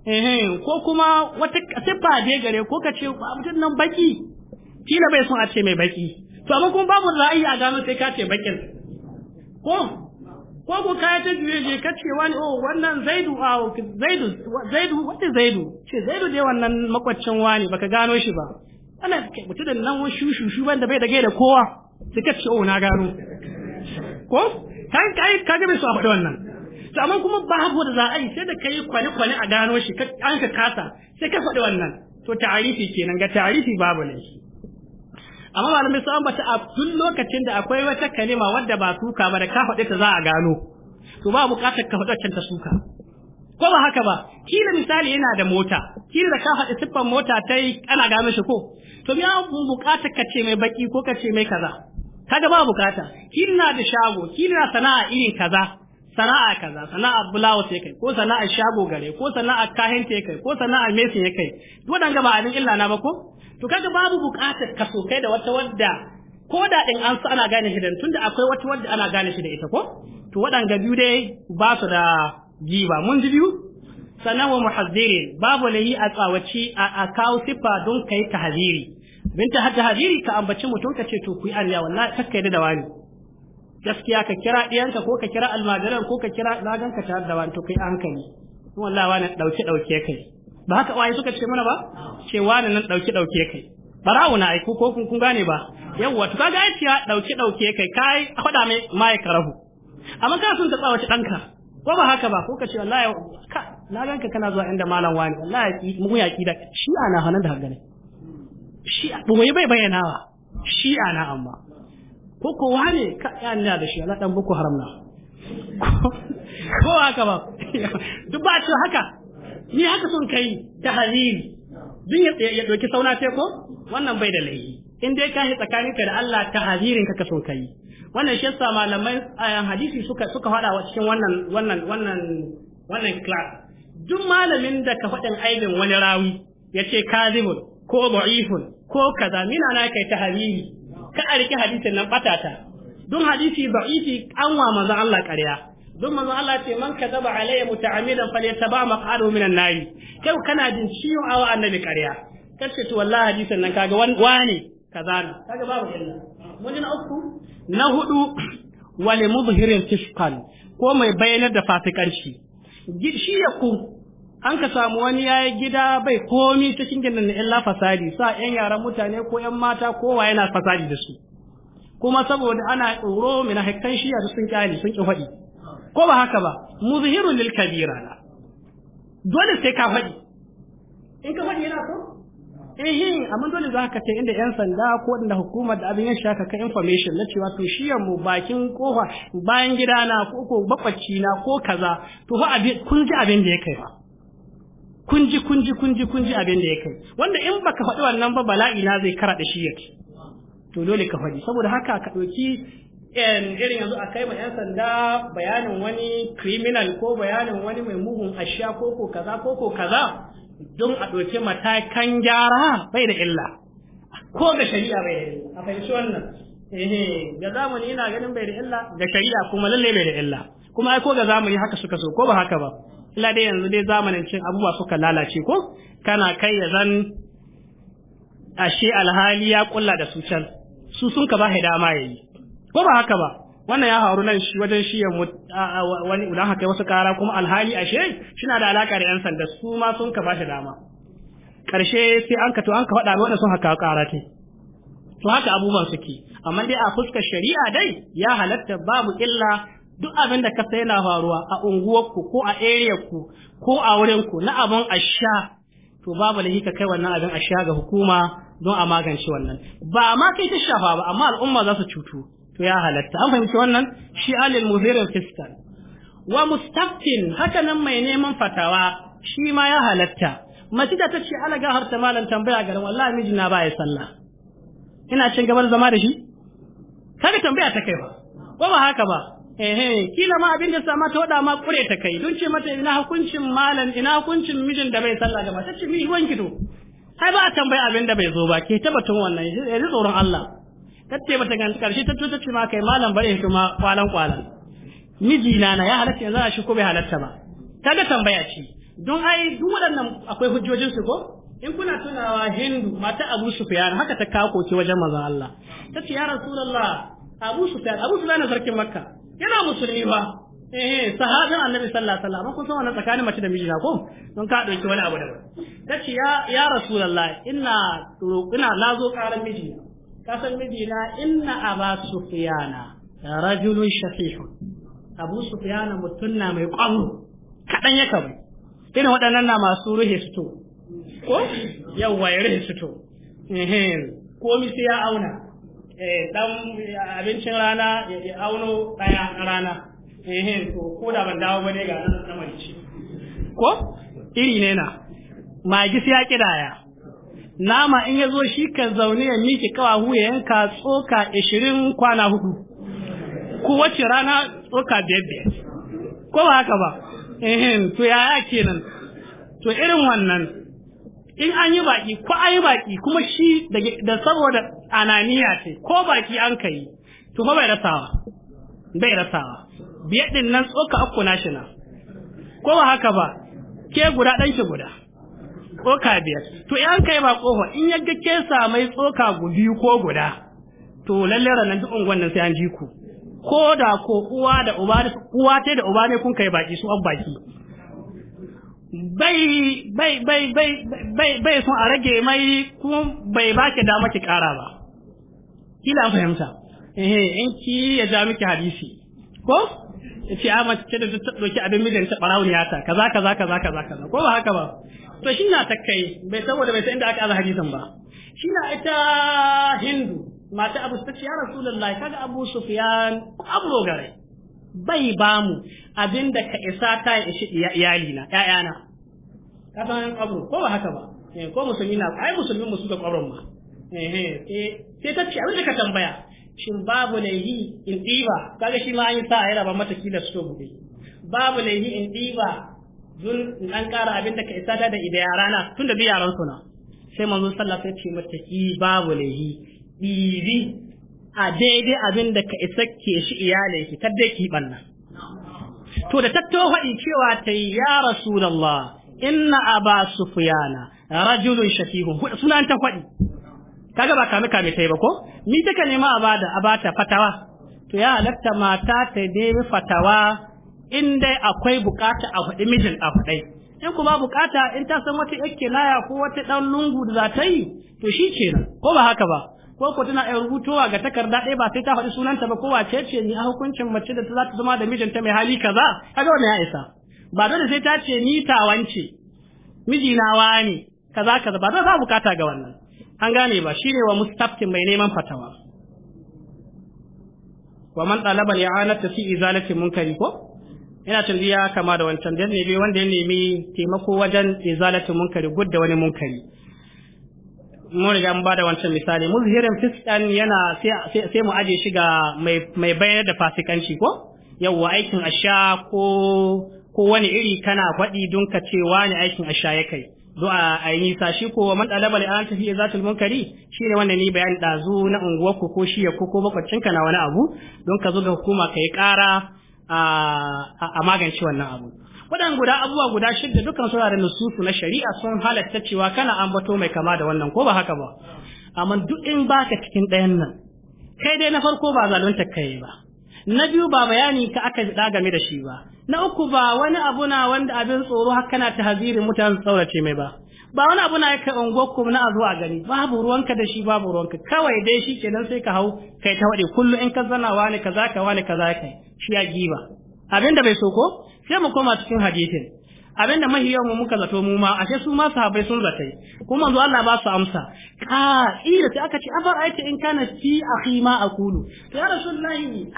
eh ko kuma wata sifa dai gare ko kace mutum nan baki kila bai son a ce mai baki to amma kuma babu ra'ayi a gano sai ka ce bakin ko ko ko kaya ta juye je ka ce wani oh wannan zaidu a ah, zaidu zaidu wani zaidu ce zaidu dai wannan makwaccin wani baka gano shi ba ana da nan wani shushu shu da bai da gaida kowa sai ka ce oh na gano ko kan kai ka ga bai abu a wannan to amma kuma babu da za a yi sai da kai kwani kwani a gano shi an ka kasa sai ka faɗi wannan to ta'arifi kenan ga ta'arifi babu ne amma malamai sun ambata a duk lokacin da akwai wata kalima wadda ba suka ba da ka faɗe ta za a gano to ba buƙatar ka faɗa ta suka ko ba haka ba kila misali yana da mota kila da ka faɗe siffar mota ta yi ana gano shi ko to me an buƙatar ka ce mai baki ko ka ce mai kaza kaga ba buƙata kila na da shago kila na sana'a irin kaza sana'a kaza sana'a bulawa sai kai ko sana'a shago gare ko sana'a kahin sai kai ko sana'a mesin ya kai wannan ga ba abin illa na ba ko to kaga babu bukatar ka so kai da wata wadda ko da din an ana gane shi da tunda akwai wata wadda ana gane shi da ita ko to waɗanga biyu dai ba su da giba mun ji biyu sannan wa muhaddirin babu layi a tsawaci a kawo siffa don kai tahaziri bin ta hadiri ka ambaci mutum ka ce to ku yi arya wallahi kakkai da wani gaskiya ka kira ɗiyanka ko ka kira almajiran ko ka kira zagan ka tare da wani to kai hankali Kuma wallahi wani ɗauke ɗauke kai ba haka waye suka ce mana ba ce wani nan ɗauke ɗauke kai Barawu na aiku ko kun kun gane ba yawwa to kaga ai cewa ɗauke ɗauke kai kai a faɗa mai ma ya karahu amma ka sun ta tsawace ɗanka ko ba haka ba ko ka ce wallahi ka na ganka kana zuwa inda malam wani wallahi mu ya da shi ana hanan da hangane shi bai ba shi ana amma ko ko wane ka yana da shi Allah dan boko haram na ko haka ba duk ba ce haka ni haka sun kai tahlil din ya doki sauna teku, ko wannan bai da laifi in dai ka yi tsakaninka da Allah tahlirin ka sun kai wannan shi yasa malamai hadisi suka suka fada wa cikin wannan wannan wannan wannan class duk malamin da ka faɗin aibin wani rawi ya ce kazibun ko ba'ifun ko kaza mina na kai tahlili ka a rike hadisin nan batata don hadisi da'ifi kanwa manzo Allah ƙarya don manzo Allah ce man kadaba alayya muta'ammidan falyataba maqalu minan nari kai kana jin ciwo awa annabi ƙarya kace to wallahi hadisin nan kaga wani kaza ne kaga babu illa mun uku na hudu wal mudhirin fisqan ko mai bayyanar da fasikanci shi ya ku an ka samu wani ya yi gida bai komi cikin gidan na illa fasadi sa yan yaran mutane ko yan mata kowa yana fasadi da su kuma saboda ana tsoro mina hakkan shi a sun kyale sun ki faɗi ko ba haka ba muzhiru lil kabira na dole sai ka faɗi in ka faɗi yana so eh amma dole za ka ce inda yan sanda ko inda hukumar da abin ya shaka ka information na cewa to shi mu bakin kofa bayan gidana ko ko bakwacci na ko kaza to fa abin kun ji abin da ya kai fa kunji kunji kunji kunji abin da ya kai wanda in baka faɗi wannan ba bala'i na zai kara da shi yake to dole ka faɗi saboda haka ka ɗauki irin yanzu a kai ma 'yan sanda bayanin wani criminal ko bayanin wani mai mugun ashiya ko ko kaza ko ko kaza don a ɗauki matakan gyara bai da illa ko ga shari'a bai da illa a fahimci wannan ga zamani ina ganin bai da illa ga shari'a kuma lallai bai da illa kuma ai ko ga zamani haka suka so ko ba haka ba illa dai yanzu dai zamanin cin abubuwa suka lalace ko kana kai ya zan ashe alhali ya kulla da su can su sun ka ba dama yayi ko ba haka ba wannan ya haru nan shi wajen shi ya wani idan haka wasu kara kuma alhali ashe na da alaka da yan sanda su ma sun ka ba shi dama karshe sai an ka to an ka faɗa wanda sun haka kara ta to haka abubuwan suke amma dai a fuskar shari'a dai ya halatta babu illa duk abin da ka yana faruwa a unguwarku ko a ku ko a wurinku na abin sha, to babu da ka kai wannan abin a asha ga hukuma don a magance wannan ba ma kai ta shafa ba amma al'umma za su cutu to ya halatta an fahimci wannan shi alil muzirin fiskal wa mustaqin haka nan mai neman fatawa shi ma ya halatta mace da ta ce ala ga harta malam tambaya garin wallahi mijina ba ya sallah ina cin gaban zama da shi kada tambaya ta kai ba ko ba haka ba ehe kila ma abin da sama ta wada ma kure ta kai don ce mata ina hukuncin malam ina hukuncin mijin da bai sallah gaba ce mi wanki kido ai ba a tambayi abin da bai zo ba ke tabbatun wannan ya ji tsoron Allah kace mata gan karshe ta tuta ce ma kai malam bare shi ma kwalan kwalan miji na na ya halatta yanzu a shi ko bai halatta ba kaga tambaya ce don ai duk waɗannan akwai hujjojin su ko in kuna tunawa Hindu mata Abu Sufyan haka ta kawo koke wajen maza Allah tace ya Rasulullah Abu Sufyan Abu Sufyan sarkin Makka Kina musulmi ba eh sahabin annabi sallallahu alaihi wasallam kun san wannan tsakanin mace da miji na ko don ka dauki wani abu daban tace ya ya rasulullahi inna ina lazo karan miji ka san miji na inna aba sufyana rajulun shafih abu sufyana mutunna mai kwamu kadan ya kabai irin waɗannan na masu ruhi su to ko yawa ya ruhi su to eh ko mi sai ya auna Eh, dan eh, abincin rana ya auno daya rana eh to ko da ban dawo bane ga nan samari mace ko iri ne na magis sai ya kidaya nama in ya zo shi ka zaune ya miki kawahu ya yanka tsoka ishirin kwana hudu ko wace rana tsoka biyar ko ba haka ba eh to yaya kenan to irin wannan in an yi baki ko an yi baki kuma shi da saboda ananiya ce ko baki an ka yi to ma bai rasawa bai rasawa biyar din nan tsoka akko national ko ba haka ba ke guda dan shi guda tsoka biyar to in an kai ba kofa in ya ga ke mai tsoka biyu ko guda to lalle ranar duk unguwan nan sai an ji ku ko da ko uwa da uba uwa ta da uba ne kun kai baki su an baki bai bai bai bai bai son a rage mai kuma bai baki dama ki kara ba kila fahimta eh in ki ya ja miki hadisi ko ce a mace da ta ɗauki abin mijin ta ya ta kaza kaza kaza kaza kaza ko ba haka ba to shi na takai bai saboda bai san inda aka aza hadisan ba shi na ita hindu mata abu ta ce ya rasulullahi kaga abu sufyan abu rogare bai ba mu abin da ka isa ta ishi iyali na ƴaƴana ka san ƙwabro, ko ba haka ba eh, ko musulmi na ai musulmi musu da ƙwabron ma eh, sai ta ce abin da ka tambaya shin babu laihi in diba kaga shi ma an yi sa yana ba mata kila su gobe babu laihi in ɗiba, dun in an ƙara abin da ka isa ta da ida tun da bi yaran na. sai manzon sallah sai ya ce mata ki babu laihi dibi a daidai abin da ka isa ke shi iyalai ki kadda ki banna to da tatto faɗi cewa ta ya rasulullah inna aba sufyana rajulun shafihun sunan ta faɗi kaga ba kame kame ta yi ba ko ni take nema a bada a bata fatawa to ya halatta mata ta nemi fatawa in dai akwai bukata a faɗi mijin a faɗai in kuma bukata in ta san wata yake laya ko wata ɗan lungu da za ta yi to shi kenan ko ba haka ba ko ko tana iya rubutowa ga takarda ɗaya ba sai ta faɗi sunanta ba ko wace ce ni a hukuncin mace da za ta zama da mijinta mai hali kaza kaga wannan ya isa ba dole sai ta ce ni tawance na wani kaza kaza ba za bukata ga wannan an gane ba shine wa mustaftin mai neman fatawa wa man talaba li'anata fi izalati munkari ko ina ya kama da wancan da ne wanda ya nemi taimako wajen izalati munkari gudda wani munkari mun ga ba da wancan misali muzhirin fiskan yana sai mu aje shi ga mai bayar da fasikanci ko yawa aikin asha ko ko wani iri kana faɗi don ka ce wani aikin asha ya kai zo a yi nisa shi ko man talaba an tafi zatul munkari shine wanda ni bayani dazu na unguwarku ko shi ko ko ka na wani abu don ka zo ga hukuma kai ƙara a magance wannan abu wadan guda abubuwa guda shidda dukkan suna da nususu na shari'a sun halatta cewa kana ambato mai kama da wannan ko ba haka ba amma duk in baka cikin ɗayan nan kai dai na farko ba zalunta kai ba na biyu ba bayani ka aka da game da shi ba na uku ba wani abu na wanda abin tsoro har kana hazirin mutan tsaurace mai ba ba wani abu na kai unguwarku na a gari a gani babu ruwanka da shi babu ruwanka kawai dai shi kenan sai ka hau kai ta waɗe kullum in ka zana wani kaza ka wani kaza kai shi ya giba abin da bai so ko sai mu koma cikin hadisin abinda mahi yawan muka zato mu ma ashe su ma sahabbai sun yi. kuma manzo Allah ba su amsa ka ila sai aka ce abar aita in kana fi akhi ma aqulu ya rasulullahi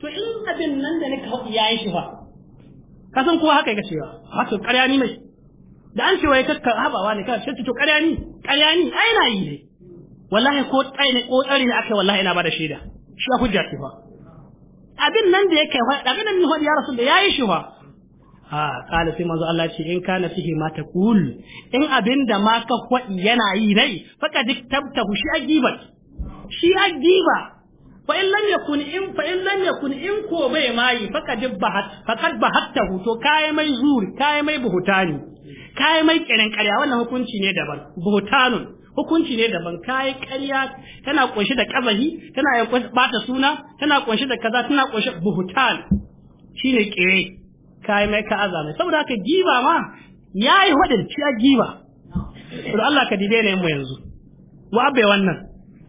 to in abin nan da nika hau yayi shi fa ka san kowa haka yake cewa wato ƙarya ni mai da an ce wai ka habawa ne ka ce to ƙarya ni ƙarya ni ai na yi ne wallahi ko tsaye ne ko tsari ne aka wallahi ina bada shaida shi a hujja ce fa abin nan da yake abin nan ne ya rasulullahi da yayi shi fa a ah, kala sai manzo Allah ce in kana fihi ma taqul in abinda ma ka kwadi yana yi nai faka dik tabta shi ajiba shi ajiba fa in lam yakun in fa in lam yakun in ko bai mai faka dik bahat fakat bahattahu to kai mai zuri kai mai buhutani kai mai kiran karya wannan hukunci ne daban buhutanun hukunci ne daban kai karya tana kunshi da kazahi tana yin bata suna tana kunshi da kaza tana kunshi buhutan shine kire kai mai ka azame saboda haka giba ma yayi hudin ciya giba to Allah ka dibe ne mu yanzu wa abe wannan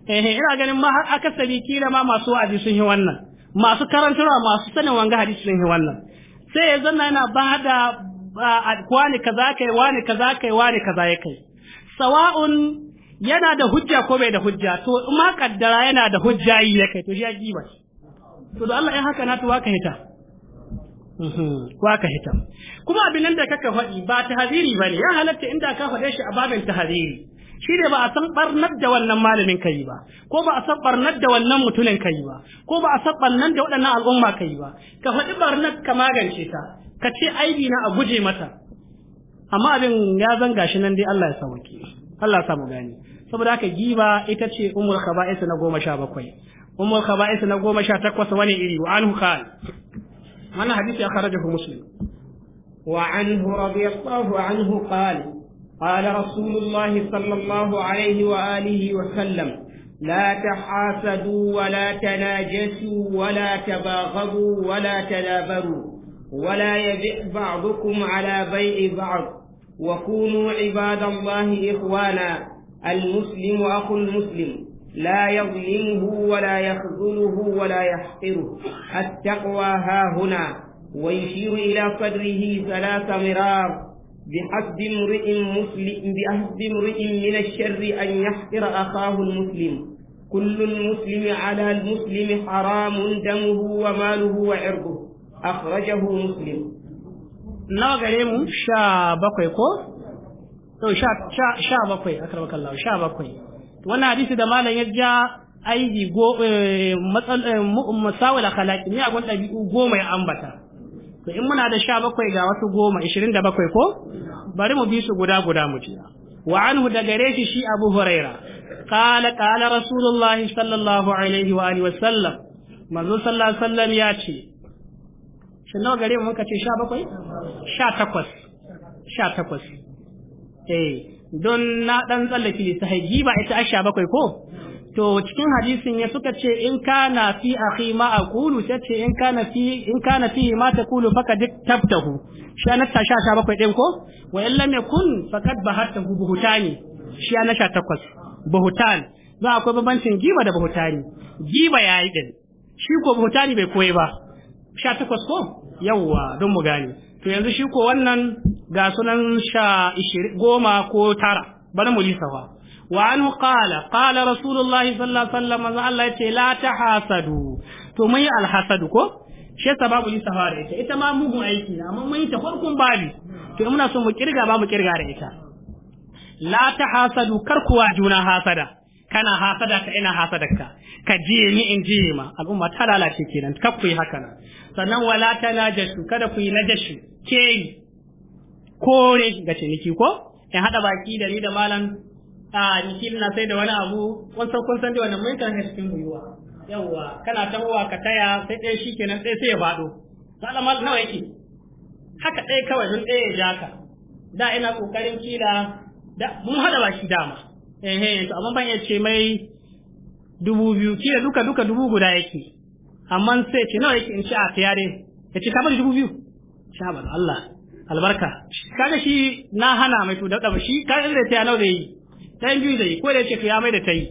eh ina ganin ma har akasari kila ma masu wa'azi sun yi wannan masu karantarwa masu sanin wanga hadisi sun yi wannan sai ya zanna yana ba da wani kaza kai wani kaza kai wani kaza ya kai sawa'un yana da hujja ko bai da hujja to ma kaddara yana da hujja yi ya kai to shi ya giba to da Allah in haka na tuwa ka hita Kwa ka hita kuma abin nan da kaka faɗi ba ta tahziri bane ya halatta inda ka faɗe shi a babin haziri. shi ne ba a san barnar da wannan malamin kai ba ko ba a san barnar da wannan mutumin kai ba ko ba a san barnar da waɗannan al'umma ka yi ba ka faɗi barnar ka magance ta ka ce aibi na a guje mata amma abin ya zanga shi nan dai Allah ya sauke Allah ya samu gani saboda haka giba ita ce Umar khaba'is na goma sha bakwai Umar khaba'is na goma sha takwas wani iri wa anhu من حديث أخرجه مسلم وعنه رضي الله عنه قال قال رسول الله صلى الله عليه وآله وسلم لا تحاسدوا ولا تناجسوا ولا تباغضوا ولا تدابروا ولا يبئ بعضكم على بيع بعض وكونوا عباد الله إخوانا المسلم أخو المسلم لا يظلمه ولا يخذله ولا يحقره التقوى ها هنا ويشير إلى صدره ثلاث مرار بحسب امرئ مسلم بحسب امرئ من الشر أن يحقر أخاه المسلم كل المسلم على المسلم حرام دمه وماله وعرضه أخرجه مسلم nawa gare mu أكرمك الله ko? wannan hadisi da malam ya ja aiki go eh, eh, masawil khalaqi ne agon dabi'u goma ya ambata to in muna da 17 ga wasu goma 27 ko bari mu bi su guda guda mu ji. wa anhu daga reshi shi Abu Huraira qala qala Rasulullahi sallallahu alaihi wa alihi wa sallam manzo sallallahu alaihi wasallam ya ce shin nawa gare mu muka ce 17 18 18 eh don na dan tsallake lissahi ba ita asha bakwai ko to cikin hadisin ya suka ce in kana fi akhi ma aqulu sai ce in kana fi in kana fi ma taqulu faqad tabtahu shi na ta sha bakwai din ko wa in lam yakun faqad bahatahu buhutani shi na sha takwas buhutan ba akwai babancin giba da buhutani giba yayi din shi ko buhutani bai koyi ba sha takwas ko yawwa don mu gane to yanzu shi ko wannan ga sunan sha goma ko tara bana mu lissafa wa an qala qala rasulullahi sallallahu alaihi wasallam Allah yace la tahasadu to mun yi alhasadu ko shi yasa babu lissafa da ita ita ma mugun aiki na amma mun yi ta farkon babi to muna so mu kirga ba mu kirga da ita la tahasadu kar kuwa juna hasada kana hasada ka ina hasadarka ka jiye ni in jiye ma al'umma ta lalace kenan kar ku yi haka nan sannan wala ta najashu kada ku yi najashu ke kore ga ciniki ko in haɗa baki da ni da malam a niki na sai da wani abu wasu kun san wannan mai kan cikin guyuwa yawwa kana tawowa ka taya sai ɗaya shi sai sai ya faɗo malam nawa yake haka ɗaya kawai don ɗaya ya ja ka da ina ƙoƙarin kila da mun haɗa baki dama eh eh to amma ban ya ce mai dubu biyu kila duka duka dubu guda yake amma sai ce nawa yake in ci a tayare ya ce ka bar dubu biyu sha Allah albarka kaga shi na hana mai to da shi ka inda ta nawa da yi ta yin biyu ko da yake to ya mai da ta yi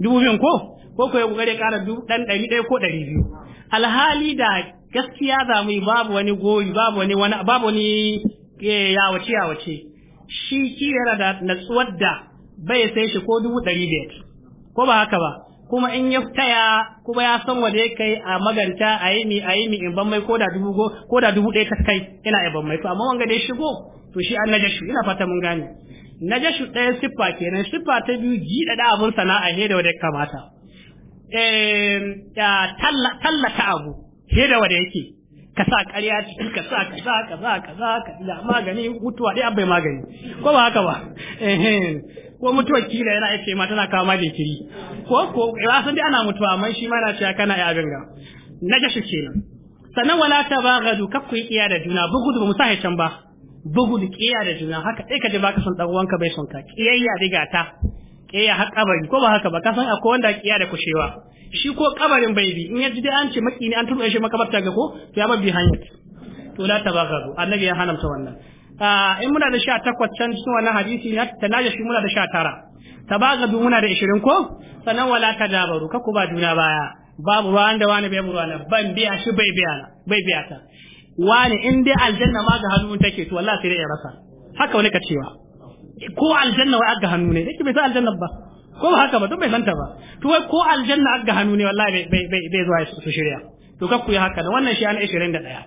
dubu biyun ko ko ko ya kokare kara dubu dan ɗari ɗaya ko dari biyu alhali da gaskiya za mu yi babu wani goyi babu wani wani babu wani eh, yawace yawace shi kira da natsuwar da bai sai shi ko dubu dari biyar ko ba haka ba kuma in ya taya kuma ya san wanda ya kai a maganta a yi mi a yi mi in ban mai ko dubu ko da dubu ɗaya kai ina ban mai to amma wanga da ya shigo to shi an najashu ina fata mun gane najashu ɗaya siffa kenan siffa ta biyu ji da abun sana'a he da wanda ya kamata eh, tallata abu he da wanda yake ka sa ƙarya ciki ka sa ka sa ka sa ka sa ka da magani mutuwa dai abai magani ko ba haka ba ko mutuwa kila yana yace ma tana kama da kiri ko ko ya san dai ana mutuwa amma shi ma na cewa kana ya ganga na gashi kenan sannan wala ta tabaghadu kakku yi iya da juna bugudu ba musahi can ba bugudu kiya da juna haka sai ka ji baka son dan uwanka bai son ka kiyayya riga ta ya har kabari ko ba haka ba ka san akwai wanda ƙiya da kushewa shi ko kabarin bai bi in ya ji dai an ce maki ne an turbe shi makabarta ga ko to ya mabbi hanyar to la ko annabi ya ta wannan ah, in muna da 18 can cikin wannan hadisi na shi muna da 19 du muna da 20 ko sanan wala tadabaru ka ku ba juna baya babu ruwan da wani bai mu ruwana ban biya shi bai biya bai biya ta wani in dai aljanna ma ga hannu take to wallahi sai dai ya rasa haka wani ka cewa ko aljanna wai aga hannu ne yake bai san aljanna ba ko ba haka ba don bai santa ba to wai ko aljanna aga hannu ne wallahi bai bai bai zuwa su shirya to kakku ya haka da wannan shi an 21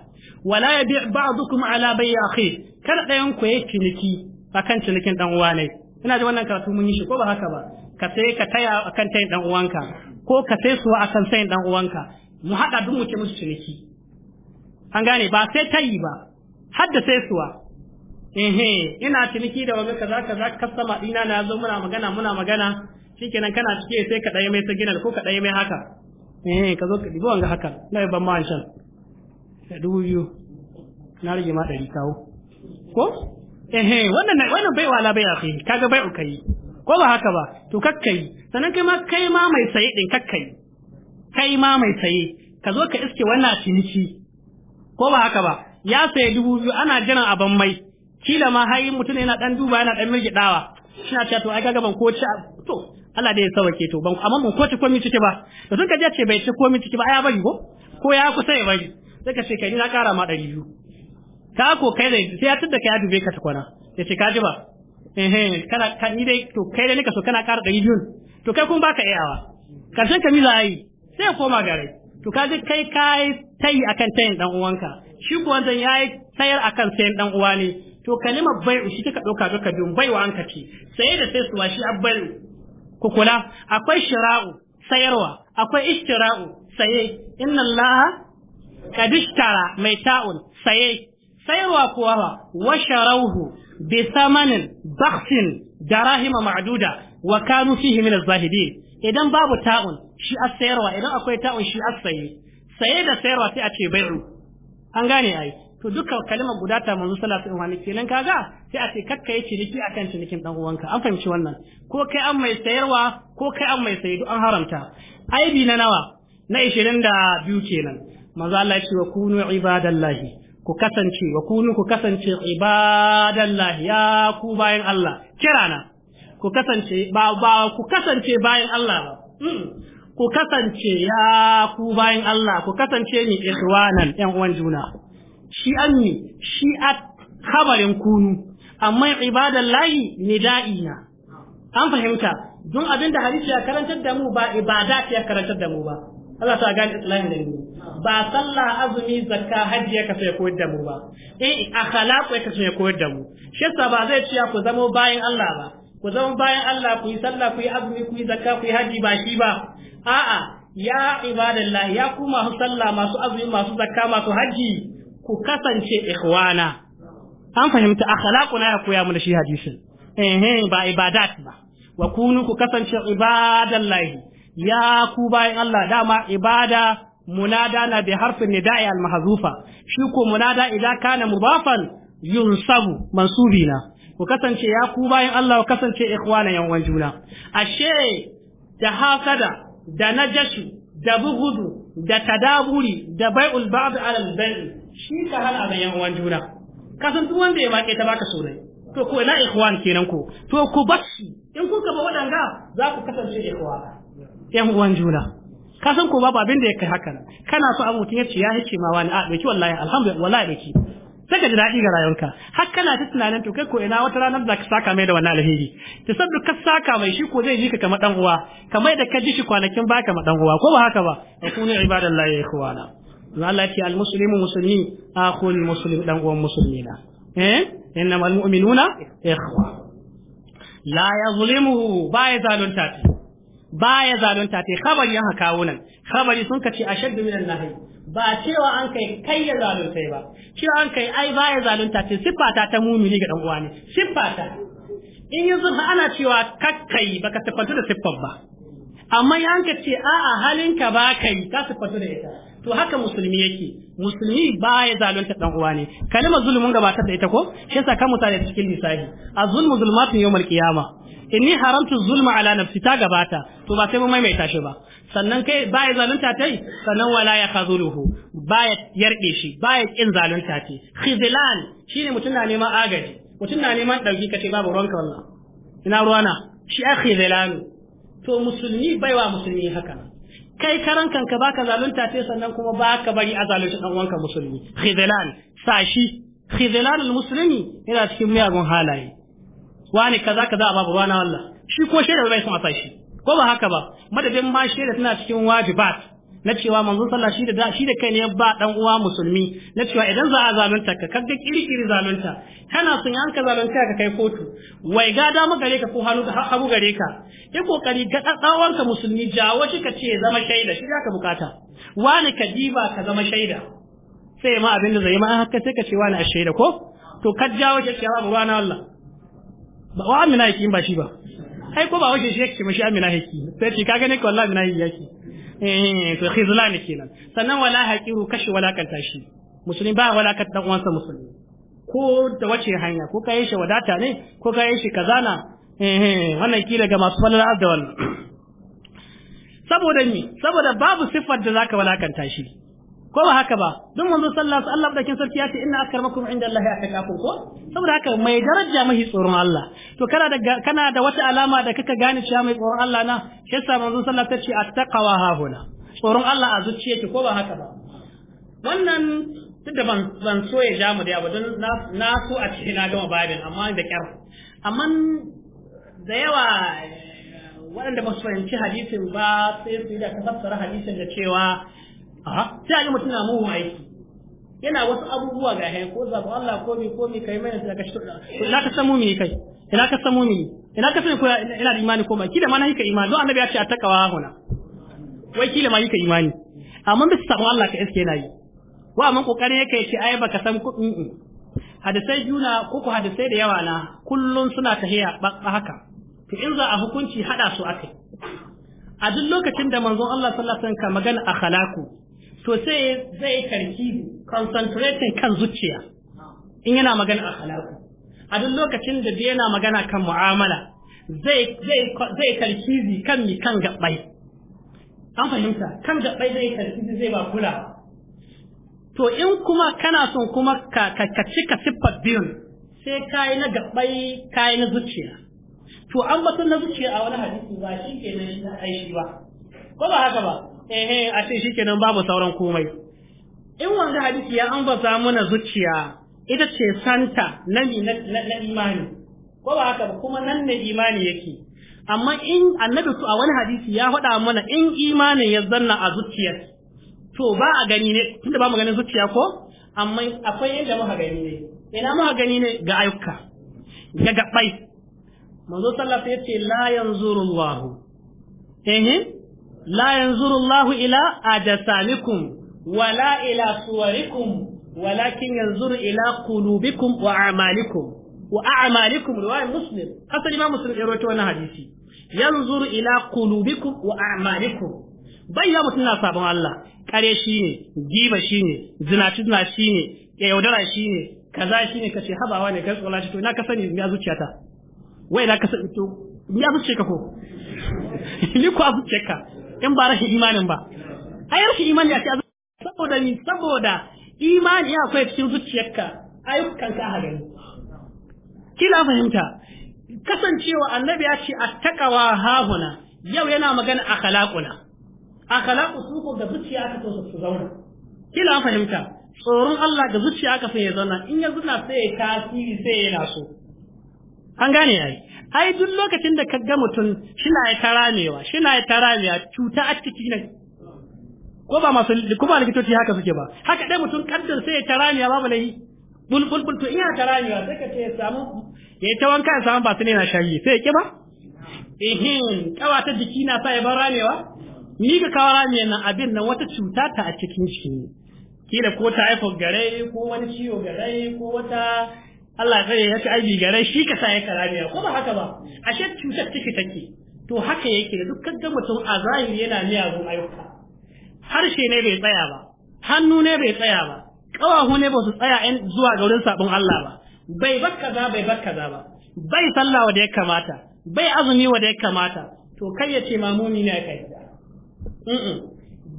wala yabi ba'dukum ala bay'i akhi kada dayan ku yake ciniki akan cinikin dan uwa ne ina ji wannan karatu mun yi shi ko ba haka ba ka sai ka taya akan tayin dan uwanka ko ka sai suwa akan tayin dan uwanka mu hada duk mu ce musu ciniki an gane ba sai tayi ba Hadda sai suwa ehe ina ciniki da wani kaza kaza kastama dina na zo muna magana muna magana shikenan kana cike sai ka dai mai ta signal ko ka dai mai haka ehe ka zo ka dibo wanga haka na ban ma shan da dubu biyu na rage ma dari kawo ko ehe wannan wannan bai wala bai akhi kaga bai ukai ko ba haka ba to kakkai sanan kai ma kai ma mai saye din kakkai kai ma mai saye ka zo ka iske wannan ciniki ko ba haka ba ya saye dubu biyu ana jiran ban mai kila ma hayin mutum yana dan duba yana dan dawa suna cewa to ai kaga ban ko ci to Allah da ya sauke to ban amma ban ko ci komai ciki ba to sun kaje ce bai ci komai ciki ba ai ya bari ko ko ya kusa ya bari sai ka ce kai na kara ma 200 ka ko kai dai sai ya tudda kai ya dube ka tukuna ya ce ka ji ba eh kana kan ni dai to kai dai nika so kana kara 200 to kai kun baka iyawa karshen ka miza ai sai ya koma gare to kaje kai kai tai akan tayin dan uwanka shi ko zan yayi tayar akan tayin dan uwa ne to kalimar bai'u shi kika ɗauka duka biyun bai'u an ka ce da sai suwa shi abbaru kukula akwai shira'u sayarwa akwai ishtira'u saye inna allaha kad ishtara mai ta'un saye sayarwa kuwa wa sharauhu bi samanin bakhsin darahim ma'duda wa kanu fihi min az-zahidin idan babu ta'un shi as-sayarwa idan akwai ta'un shi as-saye saye da sayarwa sai a ce bai'u an gane ai to duka kalmar guda ta manzo sallallahu alaihi wasallam kenan kaga sai a ce kakka yi niki akan cinikin dan uwanka an fahimci wannan ko kai an mai sayarwa ko kai an mai sayi an haramta aibi na nawa na 22 kenan manzo Allah ya ce wa kunu ibadallahi ku kasance wa kunu ku kasance ibadallahi ya ku bayan Allah kirana ku kasance ba ba ku kasance bayan Allah ba hmm. ku kasance ya ku bayan Allah ku kasance ni ikhwanan yan uwan juna shi an ne shi a kabarin kunu amma ibadan layi ne da'ina. an fahimta don abin da hadisi ya karantar da mu ba ibada ya karantar da mu ba Allah ta gani islamin da ni ba sallah azumi zakka hajji ya kaso ya koyar da mu ba eh akhlaqu ya kaso ya koyar da mu shi yasa ba zai ciya ku zama bayan Allah ba ku zama bayan Allah ku yi sallah ku yi azumi ku yi zakka ku yi hajji ba shi ba a'a ya ibadallah ya kuma masu sallah masu azumi masu zakka masu hajji ku kasance ikhwana an fahimta akhlaquna ya koya mu da shi hadisin eh ba ibadat ba wa kunu ku kasance ibadallahi ya ku bayan Allah dama ibada munada na bi harfin nida'i al mahzufa shi ko munada idan kana mudafan yunsabu mansubina ku kasance ya ku bayan Allah ku kasance ikhwana yan juna ashe da hasada da najashu da bugudu da tadaburi da bai'ul ba'd ala al-bai'i shi ka hana da yan uwan juna kasan duk wanda ya bake ta baka sunai to ko ina ikhwan kenan ko to ku bashi in kun ka ba wadanga za ku kasance ikhwana yan uwan juna kasan ko babu abin da ya kai haka kana so abu ya ce ya hice ma wani a dake wallahi alhamdulillah wallahi dake sai ka ji daɗi ga rayuwarka har kana ta tunanin to kai ko ina wata ranar za ka saka mai da wannan alheri ta san ka saka mai shi ko zai ji ka kama dan uwa kamar da ka ji shi kwanakin ba kama dan uwa ko ba haka ba wa ya ibadallahi ikhwana Allah ya ce al muslimu musulmi akhul musulmi dan uwan muslimina eh nuna, mu'minuna kowa. la ya zulimuhu ba ya zalunta ta ba ya zalunta ta khabari ya haka wunan khabari sun kace ashaddu minan nahi ba cewa an kai kai ya zalunta ba cewa an kai ai baya zalunta ce siffata ta mumini ga dan uwa ne siffata in yi zurfa ana cewa kakkai baka siffantu da siffar ba amma yanka ce a'a halinka ba kai ka siffantu da ita to haka musulmi yake musulmi baya zalunta dan uwa ne kalma zulmun gabatar da ita ko shi yasa kan da cikin lissafi azulmu zulmu zulmatun yawmal qiyama inni haramtu zulma ala nafsi ta gabata to ba sai mun maimaita shi ba sannan kai baya zalunta tai sannan wala ya khazuluhu baya yarbe shi baya kin zalunta tai khizlan shine mutum na neman agaji mutum na neman dauki kace babu ruwanka wallahi ina ruwana shi akhi zalanu to musulmi baiwa musulmi haka kai karan kanka baka zalunta sai sannan kuma baka bari a zalunta dan uwanka musulmi khizlan sashi khizlan almuslimi yana cikin miyagun halaye wani kaza kaza a babu Bana Allah shi ko shaida bai son a sashi ko ba haka ba madadin ma shaida tana cikin wajibat na cewa manzon sallah shi da shi da kai ne ba dan uwa musulmi na cewa idan za a zalunta ka kaga kiri zalunta kana sun ka zalunta ka kai kotu wai ga da gare ka ko hannu hagu gare ka ya kokari ga dadawar ka musulmi jawo shi ka ce zama shaida shi ka bukata wani ka diba ka zama shaida sai ma abin da zai ma haka sai ka ce wani a shaida ko to ka jawo shi ya ba na Allah ba wa amina yake in ba shi ba ai ko ba wace shi yake mashi amina yake sai ce ka gane ko Allah amina yake khizlan eh, kenan sannan wala haqiru kashi wala kan tashi musulmi ba wala kan dan uwansa musulmi ko da wace hanya ko kai shi wadata ne ko kai shi kazana eh wannan kila ga masu falala da wannan saboda ni saboda babu sifar da zaka walakanta shi ko ba haka ba don manzo sallallahu alaihi wasallam dakin sarki ya ce inna akramakum inda Allah ya atakakum ko saboda haka mai daraja mahi tsoron Allah to kana da kana da wata alama da kaka gane cewa mai tsoron Allah na shi yasa manzo sallallahu alaihi wasallam ya ce attaqwa ha huna tsoron Allah a zuciya ki ko ba haka ba wannan duk da ban ban so ya ja mu da yawa don na na so a cikin na gama babin amma da kyar amma da yawa eh, waɗanda ba su fahimci hadisin ba sai su yi da tafassara hadisin da cewa Aha sai a yi mutum na mugun aiki yana wasu abubuwa ga hain, ko zaɓi Allah ko mi ko mi kai mai da kashi ina ka san mumini kai ina ka san mumini ina ka san ko ina da imani ko ba kila ma na ka imani don annabi ya ce a takawa huna wai kila ma ka imani amma bisa sabon Allah ka iske yana yi wa amma ya yake ce ai baka san ku hadisai juna ko ku hadisai da yawa na kullum suna tahiya ba haka to in za a hukunci haɗa su yi. a duk lokacin da manzon Allah sallallahu alaihi wasallam magana halaku. to sai zai karki concentrating kan zuciya in yana magana a halaku a duk lokacin da yana magana kan mu'amala zai tarkibi kan mi kan gabbai an fahimta kan gabbai zai tarkibi zai ba kula to in kuma kana son kuma ka cika sifar biyun sai kai na gabbai kai na zuciya to an batun na zuciya a wani hadisi ba shi ke nan shi ba ko ba haka ba eh a ce shikenan babu sauran komai in wanda hadisi ya ambata mana zuciya ita ce santa na imani ko ba haka kuma nan ne imani yake amma in annabi su a wani hadisi ya faɗa mana in imanin ya zanna a zuciya to ba a gani ne tunda ba mu ganin zuciya ko amma akwai yadda muka gani ne ina muka gani ne ga ayyuka ga gabai manzo sallallahu alaihi wasallam ce la yanzuru Allah eh, eh. la Allahu ila wa wala ila suwarikum walakin yanzuru ila qulubikum wa a'malikum wa a'malikum riwaya muslim asali ma muslim ya rawaito wannan hadisi yanzuru ila qulubikum wa a'malikum bayyana mutun na sabon Allah kare shine giba shine ne zina shine yaudara shine kaza ne kace habawa ne kai tsola shi to ina ka sani ya ta? wai ina ka sani to ya zuciya ka ko ni ko abu ceka in ba rashin imanin ba ai rashin imani a ce saboda ni saboda imani akwai cikin zuciyarka ayyukan ka hagari kila fahimta kasancewa annabi ya ce attaqawa hahuna yau yana magana akhlaquna akhlaqu su ko ga zuciya aka so su zauna kila fahimta tsoron Allah ga zuciya aka so ya zauna in ya zuna sai ya tasiri sai ya naso an gane yayi ai duk lokacin da ka ga mutum shina ya na shina ya taramewa cuta a ciki ne ko ba masu kuma likitoci haka suke ba haka dai mutum kaddar sai ya taramewa babu lahi bulbul bul to tara taramewa sai ka ce ya samu ya ta wanka ya samu ba su ne na shayi sai ya ki ba ehin kawa ta jiki na sa ya bar ramewa ni ga kawo ramewa nan abin nan wata cuta ta a cikin shi kila ko ta haifar gare ko wani ciwo gare ko wata Allah ya ya ci aibi gare shi ka sa ya karamiya ko ba haka ba ashe cutar take take to haka yake da dukkan ga mutum a zahiri yana miyagun ayyuka harshe ne bai tsaya ba hannu ne bai tsaya ba kawahu ne ba su tsaya in zuwa ga wurin sabon Allah ba bai barka za bai barka za ba bai sallah wa da ya kamata bai azumi wa da ya kamata to kai ya ce mamuni ne kai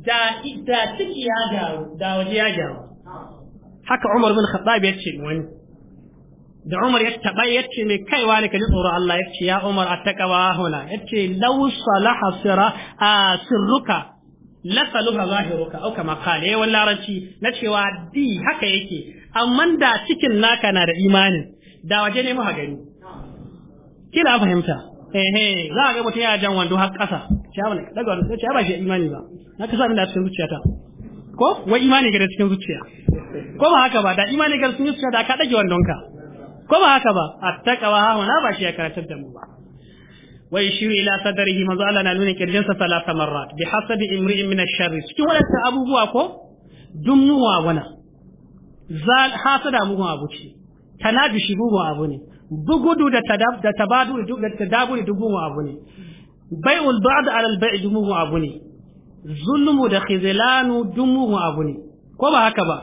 da da ciki ya gyaru da waje ya gyaru haka Umar bin Khattab ya ce wani da Umar ya taɓa ya ce mai kaiwa ne ka ji tsoron Allah ya ce ya Umar a ta taƙawa hula ya ce lausa salaha sira a sirruka la zahiruka au kama kale eh, wani laranci na cewa di haka yake amma da cikin naka na da imanin da waje ne muka gani kila fahimta ehe eh, za a ga mutum ya jan wando har kasa ya wani daga wani sai ya ba shi imani ba na kasa min da cikin zuciyata ko wai imani ga cikin zuciya ko ba haka ba da imani ga cikin zuciya da ka dage wandonka ko ba haka ba attaqwa ha huna ba shi ya karatar da mu ba wa yashiru ila sadrihi manzo Allah na nuna kirjin sa salasa marrat bi hasabi imri'in min ash-sharr cikin wadannan abubuwa ko dumnuwa wana zal hasada mu abu ce tanabi shigu abu ne bugudu da tadab da tabadu da tadaburi dugu abu ne bai'ul ba'd ala al-bai' dumu abu ne zulmu da khizlanu dumu abu ne ko ba haka ba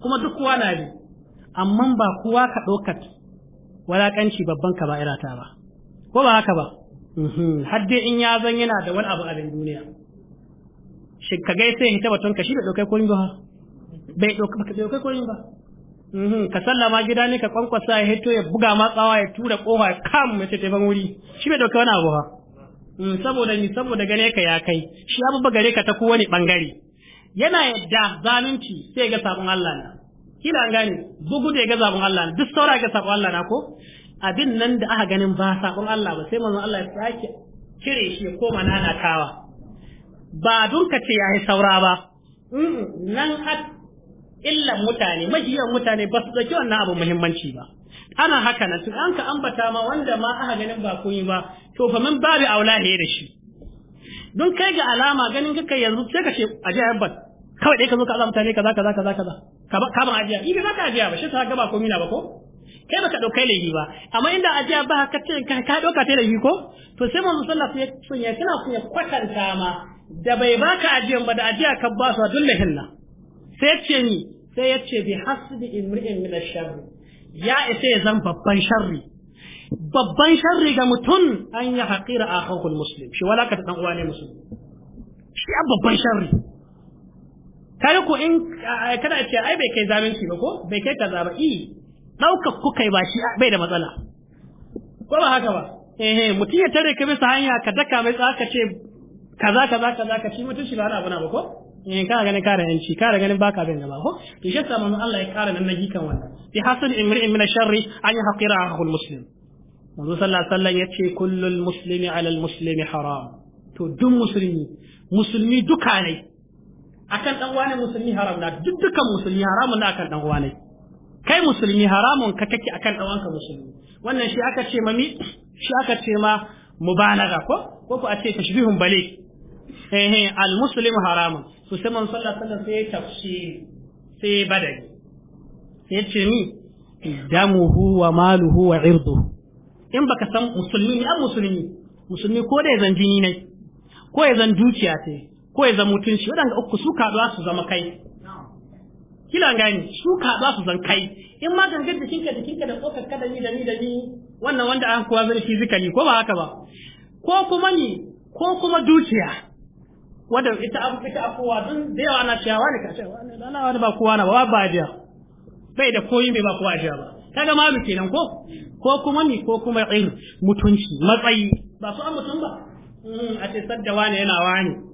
kuma duk kowa na bi amma ba kowa ka ɗaukar walaƙanci babban ka ba irata ba ko ba haka ba mhm. har dai in ya zan yana da wani abu a duniya shi ka gai sai hita batun ka shi bai ɗaukai koyin ba bai ɗaukai koyin ba mhm. ka sallama gida ne ka kwankwasa ya hito ya buga matsawa ya tura kofa ya kam ya ce taifan wuri shi bai ɗaukai wani abu ba mhm. saboda ni saboda gane ka ya kai shi abubuwa gare ka ta kowane ɓangare yana yadda zalunci sai ga sabon Allah na kila an gane bugu da ya ga zabun Allah duk saura ga sabon Allah na ko abin nan da aka ganin ba sabon Allah ba sai manzon Allah ya sake cire shi ko manana tawa ba dun ka ce yayi saura ba nan at illan mutane majiyan mutane ba su dauki wannan abu muhimmanci ba ana haka na tun an ka ambata ma wanda ma aka ganin ba kun ba to fa min babu aulahi da shi don kai ga alama ganin kaka yanzu sai ka ce a jihar kawai dai ka zo ka azama mutane kaza kaza kaza kaza ka ba ajiya ibe ba ka ajiya ba shi ta gaba ko mina ba ko kai baka dauka laifi ba amma inda ajiya ba ka ce ka ka dauka ta laifi ko to sai mun sallah sai sun ya kana ku ya kwatanta ma da bai baka ajiyan ba da ajiya ka ba su dun lahin na sai ce ni sai ya ce bi hasbi imri'in min ash-sharr ya isa ya zan babban sharri babban sharri ga mutun an ya haqira a al-muslim shi wala ka ɗan uwa ne musulun shi a babban sharri kai ku in eh, kada ce ai bai kai zalunci ba ko bai kai kaza ba i daukar ku kai ba shi bai da matsala ko ba haka ba eh eh mutum ya tare ka bisa hanya ka daka mai tsaka ce kaza kaza kaza ka ci mutum shi ba na abu ba ko in kana ganin kare yanci kare ganin baka bin ba ko to shi yasa manzon Allah ya kare nan naji kan wannan bi hasan imri'in min sharri an yahqira ahul muslim manzon sallallahu alaihi wasallam yace kullul muslimi ala al muslimi haram to duk musulmi musulmi duka ne akan dan wane musulmi haram na duk dukkan musulmi haramun na akan dan wane kai musulmi haramun ka kake akan dan wanka musulmi wannan shi aka ce mami shi aka ce ma mubalaga ko ko ku a ce tashbihun bali eh eh al muslimu haramun su sai man sallallahu alaihi wasallam sai tafsiri sai badani sai ce ni damuhu wa maluhu wa irduhu in baka san musulmi ne an musulmi musulmi ko da ya zan jini ne ko ya zan dukiya ce ko ya zama mutunci waɗanda uku su kaɗuwa su zama kai kila gani su kaɗuwa su zan kai in ma gangar da kinka, da tsokar ka da ni da ni da ni wannan wanda an kuwa zai fizikali ko ba haka ba ko kuma ni ko kuma dukiya wanda ita abu ita afuwa dun da yawa ana ciyawa ne kashe wani ba kowa na ba ba jiya bai da koyi bai ba kowa jiya ba kaga mu kenan ko ko kuma ni ko kuma irin mutunci matsayi ba su an mutum ba hmm, a ce sadda wani yana wani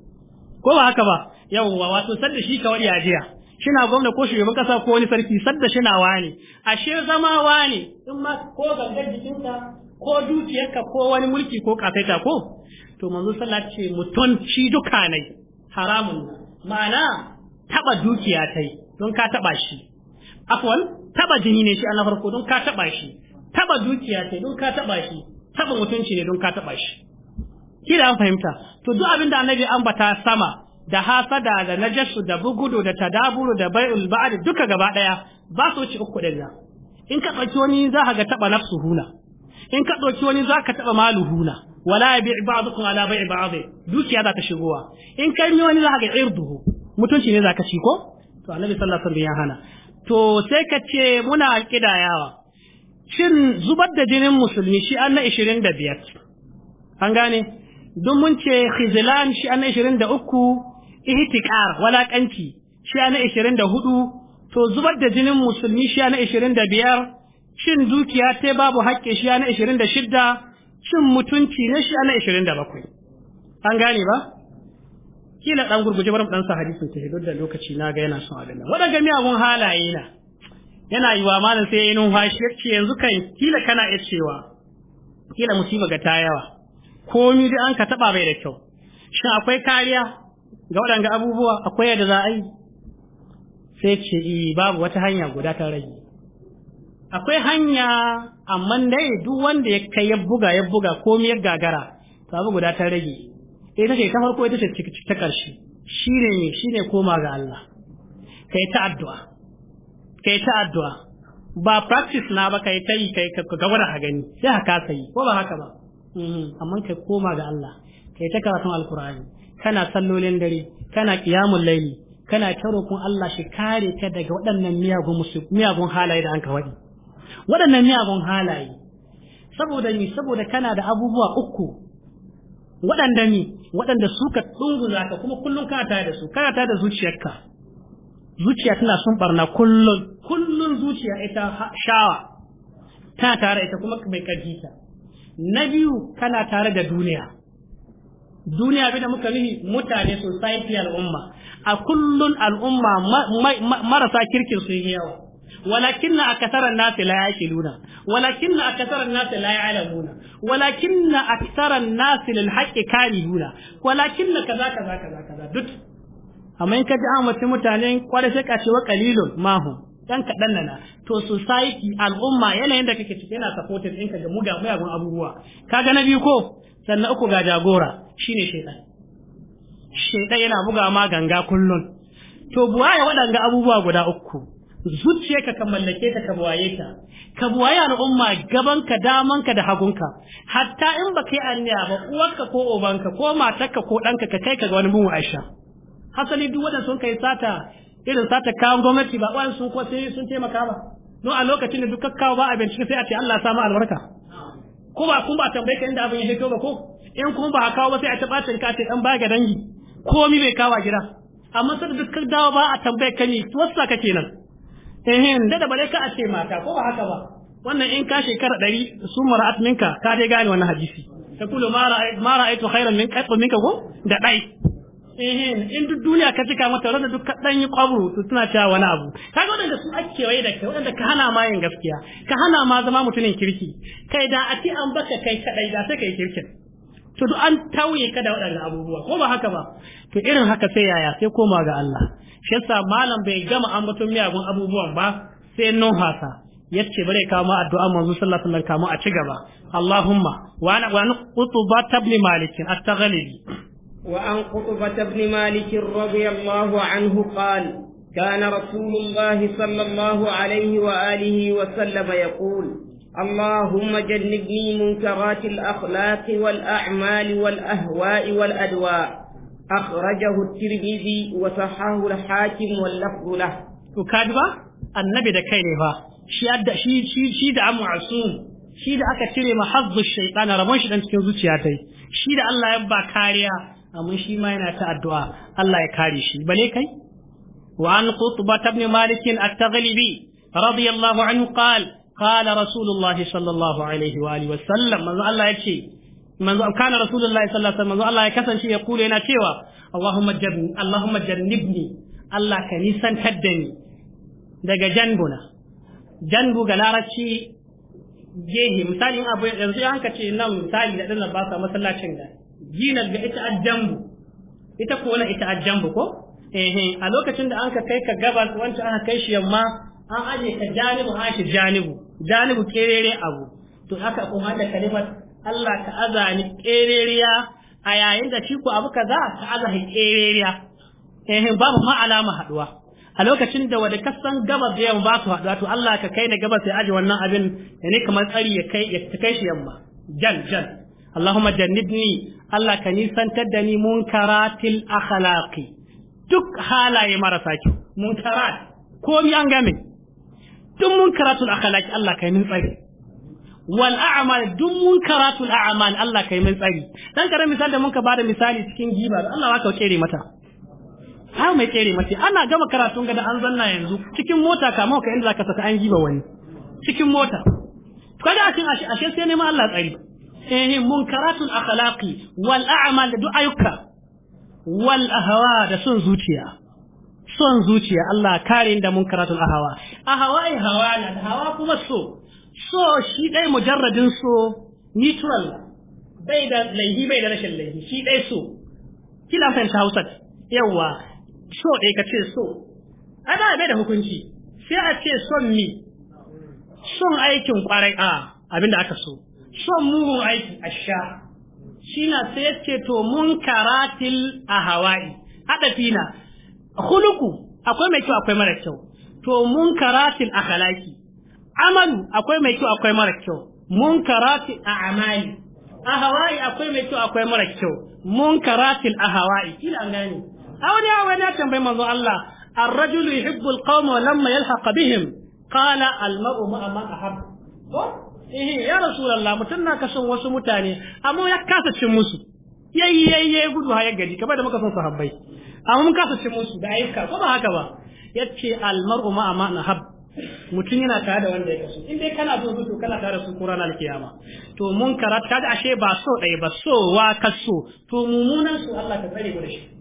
ko ba haka ba yawwa wato sadda shi kawai ya jiya shina gwamna ko shugaban kasa ko wani sarki sadda shina wani ashe zama wani in ma ko gangar jikinka ko dukiyarka ko wani mulki ko kafaita ko to manzo sallah ce mutunci duka ne haramun ma'ana taba dukiya tai don ka taba shi afwan taba jini ne shi a na farko don ka taba shi taba dukiya tai don ka taba shi taba mutunci ne don ka taba shi kila an fahimta to duk abin da annabi ambata sama da hasada da najasu da bugudu da tadaburu da bai'ul ba'd duka gaba daya ba su wuce uku din nan in ka dauki wani za ka ga taba nafsu huna in ka dauki wani za ka taba malu huna wala bi ba'dukum ala bai'i ba'd dukiya za ta shigowa in ka ni wani za ka ga irduhu mutunci ne za ka ci ko to annabi sallallahu alaihi wasallam ya hana to sai ka ce muna kidayawa shin zubar da jinin musulmi shi an na 25 an gane don mun ce khizlan shi an 23 ihtiqar walakanci shi an 24 to zubar da jinin musulmi shi an 25 cin dukiya ta babu haƙƙi shi an 26 cin mutunci ne shi an 27 an gane ba kila dan gurguje bar mu dan sa hadisin ta hidar da lokaci na ga yana son a ganin wadanga miyagun halaye na yana yi wa malam sai ya yi numfashi yanzu kai, kila kana iya cewa kila musiba ga ta yawa komi da an ka taba bai da kyau shin akwai kariya ga waɗanda abubuwa akwai yadda za a yi sai ce e, babu wata hanya guda ta rage akwai hanya amma dai duk wanda ya kai ya buga ya buga komi ya gagara to abu guda ta rage ita ce ta farko ita ce ta ƙarshe shine shine koma ga Allah kai ta addu'a kai ta addu'a ba practice na ba kai ta yi kai ka gwada ha gani sai haka sai ko ba haka ba amma ka koma ga Allah kai ta karatun alkur'ani kana sallolin dare kana qiyamul layli kana ta roƙon Allah shi kare ka daga waɗannan miyagun miyagun halaye da an ka wadi waɗannan miyagun halaye saboda ni saboda kana da abubuwa uku waɗanda ni waɗanda suka dunguza ka kuma kullum kana tare da su kana tare da zuciyarka zuciya tana sun barna kullum kullun zuciya ita shawa ta tare ita kuma mai karfi ta na biyu kana tare da duniya duniya bi da muka nuhi mutane society al'umma a kullun al'umma marasa kirkin sun yi yawa walakin na a kasarar nasi la luna walakin na a kasarar nasi la luna walakin na a kasarar nasi lil kari luna walakin na kaza kaza kaza kaza duk amma in ka ji an mutane kwarai sai ka ce wa qalilun mahum dan kaɗan nana to society al'umma yanayin da kake ciki yana supported ɗinka ga muga muyagun abubuwa kaga na biyu ko sannan uku ga jagora shine shaidan. Shaidan yana buga ma ganga kullun to buwaye waɗanga abubuwa guda uku zuciyarka ka mallake ta ka buwaye ta ka buwaye al'umma gabanka damanka da hagunka hatta in ba kai aniya ba uwarka ko ka, ko matarka ko ɗanka ka kai ka ga wani bin aisha hasali duk waɗanda sun kai sata irin sata kawo gwamnati ba wani sun ko sai sun taimaka ba no a lokacin da duk kawo ba a bincike sai a ce Allah samu albarka ko ba kun ba tambaye ka inda abin ya hito ba ko in kun ba kawo ba sai a ta bacin ka ce dan baga dangi komi bai kawo gida amma sai duk ka dawo ba a tambaye ka ni wasa ka kenan eh eh da da bare ka a ce mata ko ba haka ba wannan in ka shekara ɗari su mara'at minka ka dai gane wannan hadisi ta kulu ma ra'aytu khairan min minka ko da dai ehin in duk duniya ka cika mata wanda duk dan yi kwabru to tana cewa wani abu kaga wanda su ake waye da kai wadanda ka hana ma yin gaskiya ka hana ma zama mutumin kirki kai da a ce an baka kai kadai da sai kai kirkin to duk an tauye ka da wadannan abubuwa ko ba haka ba to irin haka sai yaya sai koma ga Allah shi yasa malam bai gama an batun miyagun abubuwan ba sai nuhasa yace bare kama addu'a manzo sallallahu alaihi wasallam kama a ci gaba Allahumma wa ana wa tabni malikin at وعن قطبة بن مالك رضي الله عنه قال كان رسول الله صلى الله عليه وآله وسلم يقول اللهم جنبني منكرات الأخلاق والأعمال والأهواء والأدواء أخرجه الترمذي وصححه الحاكم واللفظ له وكادبا النبي ده كاي ne shi shi shi da amu asum shi da aka cire mahazzu shaytan rabon shi dan الله يبقى كاريا amma shi ma yana ta addu'a Allah ya kare shi bale kai wa an qutba ibn malik at-taghlibi radiyallahu anhu qala qala rasulullah sallallahu alaihi wa alihi wa sallam manzo Allah manzo kana rasulullah sallallahu alaihi manzo Allah ya kasance ya kula yana cewa Allahumma jannibni Allahumma jannibni Allah ka nisantar da ni daga janbuna janbu ga larabci gehe misalin abu yanzu an ka ce nan misali da dinnan ba sa masallacin gani jinar ga ita ajambu ita ko na ita ajambu ko eh a lokacin da an ka kai ka gabas wancan aka kai shi yamma an aje ka janibu shi janibu janibu kerere abu to haka kuma da kalimar Allah ka azani kereriya a yayin da shi ko abu kaza ka azani kereriya eh babu ma alama haduwa a lokacin da wanda ka san gabas da yamma ba su haduwa to Allah ka kai na gabas ya aje wannan abin da ne kamar tsari ya kai ya kai shi yamma jan jan Allahumma jannibni Allah ka nisantar da ni munkaratil akhlaqi duk halaye marasa kyau munkarat ko mi an game duk munkaratul akhlaqi Allah ka yi min tsari wal a'mal duk munkaratul a'mal Allah ka yi min tsari dan karan misali da mun ka bada misali cikin giba Allah ka kere mata har mai kere mace ana gama karatun gada an zanna yanzu cikin mota kama ka inda zaka saka an giba wani cikin mota kada a cin ashe sai neman Allah tsari eh munkaratul akhlaqi wal a'mal da duk ayyuka wal ahwa da son zuciya son zuciya Allah kare da munkaratul ahawa ahawa ai hawa na da kuma so so shi dai mujarradin so neutral bai da laihi bai da rashin laihi shi dai so kila fahimta Hausa yawa so dai ka ce so ana bai da hukunci sai a ce son mi son aikin kwarai a abinda aka so son mugun aiki a sha. shi na sai ya ce to mun karatil a hawaii haɗa fina huluku akwai mai kyau akwai mara kyau to mun karatil a halaki amalu akwai mai kyau akwai mara kyau mun karatil a amali a hawaii akwai mai kyau akwai mara kyau mun karatil a hawaii kila an gane a wani hawa na tambayi manzo Allah الرجل يحب lamma yalhaqa bihim. بهم قال المرء مع من أحب eh ya rasulullah mutum na kashin wasu mutane amma ya kasa cin musu yayi yayi gudu har ya gari kamar da muka son sahabbai amma mun kasa cin musu da ayyuka ko ba haka ba yace almar'u ma'a ma haɓ. mutum yana tare da wanda ya kasu in dai kana so to kana tare su ko ranar kiyama to mun karata da ashe ba so ɗaya ba so wa kaso to mumunan su Allah ka tsare mu da shi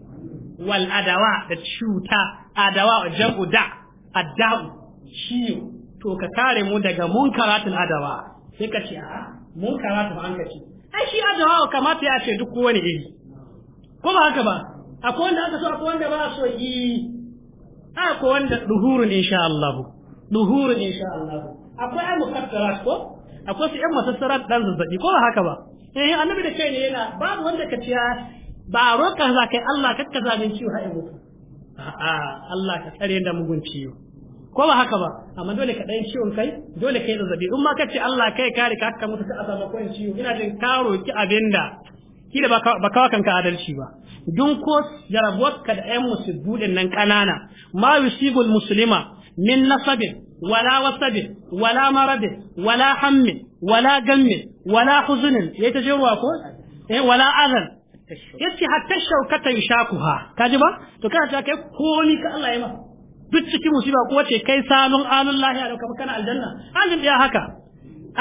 wal adawa da cuta adawa jam'u da Adawu, ciwo to ka kare mu daga munkaratul adawa sai ka ce a'a mun karatu an ka ce ai shi ajawa kamata ya ce duk wani iri ko ba haka ba akwai wanda aka so akwai wanda ba so yi akwai wanda duhurun insha Allah duhurun insha Allah akwai ai mukaddarat ko akwai su ƴan masassarar dan zazzabi ko ba haka ba eh annabi da kai ne yana babu wanda ka ciya ba roƙa za kai Allah kakka zalunci ha ibu a'a Allah ka tsare da mugun ciwo ko ba haka ba amma dole ka ɗayan ciwon kai dole kai zazzabi in ma kace Allah kai kare ka haka mutu ka a samu koyin ciwo ina jin ka roki abinda kila ba kawa kanka adalci ba dun ko jarabuwarka da ƴan musibbu nan ƙanana ma yusibul muslima min nasabin wala wasabin wala maradin wala hammin wala gammin wala huzunin yayi ta jeruwa ko eh wala azan yace hatta shaukata yushakuha kaji ba to kana ta kai komi ka Allah ya maka duk cikin musiba ko wace kai salon alun lahiya da kuma kana aljanna alin ya haka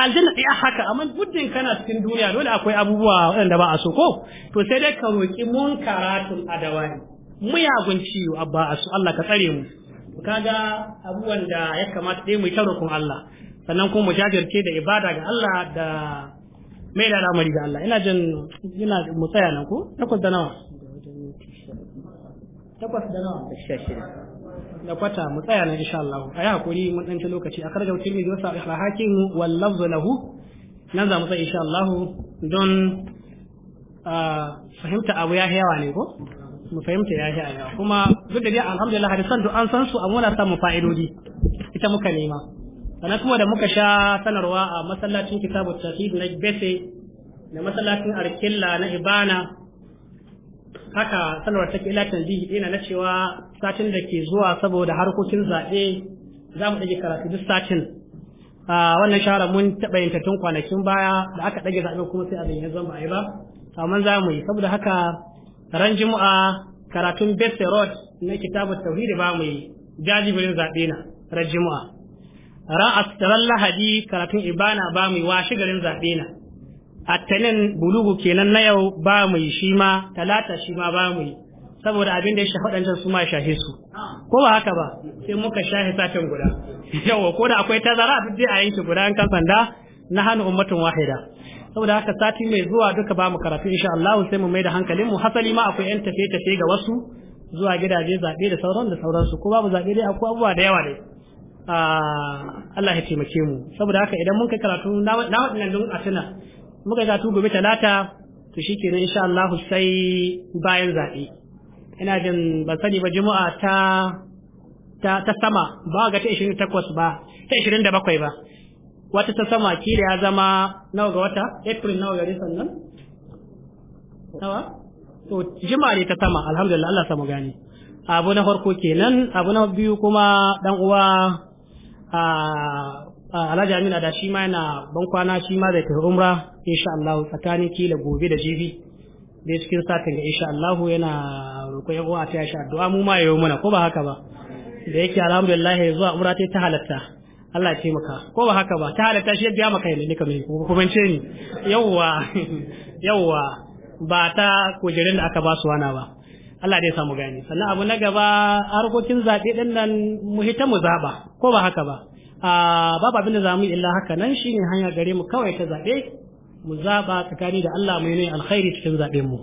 aljanna ya haka amma gudun kana cikin duniya dole akwai abubuwa waɗanda ba a so ko to sai dai ka roki munkaratul adawani muyagun ciwo abba a so Allah ka tsare mu kaga abubuwan da ya kamata dai mu yi tarukun Allah sannan kuma mu jajirce da ibada ga Allah da mai da ramari ga Allah ina jin ina mu tsaya nan ko takwas da nawa takwas da nawa na kwata mu tsaya nan insha Allah ayi hakuri mun dan ci lokaci a karga mutum ne wasa sa hakim wal lafzu lahu nan za mu tsaya insha Allah don fahimta abu ya yawa ne ko mu fahimta ya yawa kuma duk da dai alhamdulillah hadisan duk an san su amma na samun fa'idodi ita muka nema sannan kuma da muka sha sanarwa a masallacin kitabu tafsir na bese da masallacin arkilla na ibana haka sanarwar take ila tanzihi ina na cewa satin da ke zuwa saboda harkokin zaɓe za mu ɗage karatu duk satin wannan shahara mun taɓa yin tattun kwanakin baya da aka ɗage zaɓe kuma sai abin ya zama a yi ba amma za mu yi saboda haka ran jimu'a karatun besse road na kitabu tauhidi ba mu yi jajibirin zaɓe na ran jimu'a ran asarar lahadi karatun ibana ba mu yi washe garin zaɓe na attanin bulugu kenan na yau ba mu yi shi ma talata shi ma ba mu yi saboda abin da ya shafi ɗancan su ma shahe su ko ba haka ba sai muka shahe satin guda yawa ko da akwai tazara duk dai a yanki guda an kan sanda na hannun ummatun wahida saboda haka sati mai zuwa duka ba mu karatu insha Allah sai mu mai da hankalin mu hasali ma akwai yan tafe tafe ga wasu zuwa gidaje zaɓe da sauran da sauransu ko babu zaɓe dai akwai abubuwa da yawa dai ah, Allah ya taimake mu saboda haka idan mun kai karatu na waɗannan don a tuna muka karatu gobe talata to shikenan insha Allah sai bayan zaɓe. ina jin ba sani ba juma'a ta ta ta sama ba ga ta 28 ba ta 27 ba wata ta sama kila ya zama nawa ga wata april nawa gari sannan nawa to juma'a ne ta sama alhamdulillah Allah samu gani abu na farko kenan abu na biyu kuma dan uwa a Alhaji Amina da shi ma yana ban kwana shi ma zai tafi umra insha Allah tsakanin kila gobe da jibi dai cikin satin ga insha Allah yana roƙo yan uwa ta sha addu'a mu ma yayi mana ko ba haka ba da yake alhamdulillah zuwa umra ta ta halatta Allah ya taimaka ko ba haka ba ta halatta shi ya biya maka ne nika mai ko kuma ce ni yawwa yawwa ba ta kujerin da aka ba su wana ba Allah dai samu gani sannan abu na gaba harkokin zaɓe ɗin nan mu hita mu zaɓa ko ba haka ba a babu abin da zamu illa haka nan shine hanya gare mu kawai ta zaɓe mu zaɓa tsakani da Allah mai ne alkhairi cikin zaɓen mu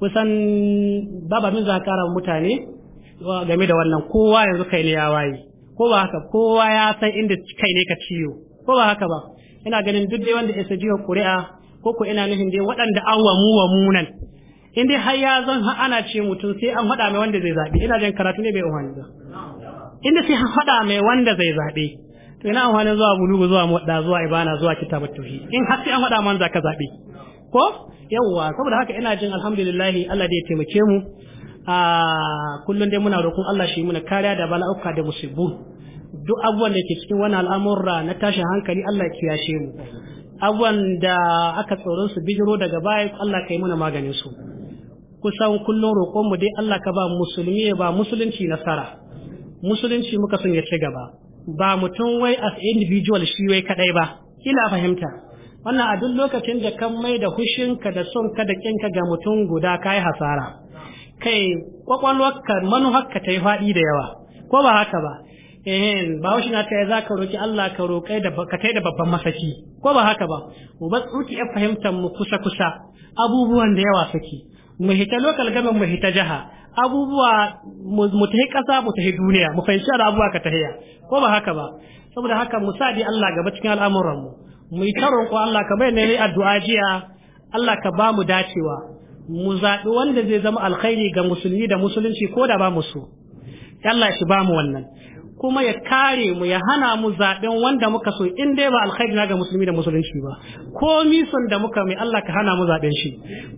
kusan babu abin za kara mutane game da wannan kowa yanzu kai ne ya waye ko ba haka kowa ya san inda kai ne ka ciyo ko ba haka ba ina ganin duk dai wanda isa jiwa Kuri'a, ko ko ina nufin dai waɗanda an wa mu wa munan in dai har ya zan ana ce mutum sai an faɗa mai wanda zai zaɓe ina jin karatu ne bai umarni ba in dai sai an faɗa mai wanda zai zaɓe to ina amfanin zuwa bulugu zuwa muwadda zuwa ibana zuwa kitabat tauhid in har sai an faɗa man za ka zaɓe ko yawwa saboda haka ina jin alhamdulillah Allah da ya taimake mu a kullun dai muna roƙon Allah shi muna kariya da bala'uka da musibbu duk abubuwan da ke cikin wani al'amurra na tashin hankali Allah ya kiyashe mu abubuwan da aka tsoron su bijiro daga baya Allah kai muna maganin su kusan kullun roƙon mu dai Allah ka ba musulmi ba musulunci nasara musulunci muka son ya ci gaba ba mutum wai as individual shi wai kadai ba kila fahimta wannan a duk lokacin da kan mai da hushinka da son ka da kinka ga mutum guda ka yi hasara kai kwakwalwarka manuharka ta yi faɗi da yawa ko ba haka ba ehen ba shi na kai za ka roƙi Allah ka roƙai da ka kai da babban masaki ko ba haka ba mu ba tsuki ya fahimtar mu kusa kusa abubuwan da yawa suke mu hita lokal gaban mu hita jaha abubuwa mu tahi ƙasa mu tahi duniya mu fahimci abubuwa ka tahiya ko ba haka ba saboda haka mu sa Allah gaba cikin al'amuran mu mu yi taron ko Allah ka bai ne addu'a jiya Allah ka ba mu dacewa mu zaɓi wanda zai zama alkhairi ga musulmi da musulunci ko da ba mu so Allah shi ba mu wannan kuma ya kare mu ya hana mu zaɓen wanda muka so in dai ba alkhairi na ga musulmi da musulunci ba ko mison da muka mai Allah ka hana mu zaɓen shi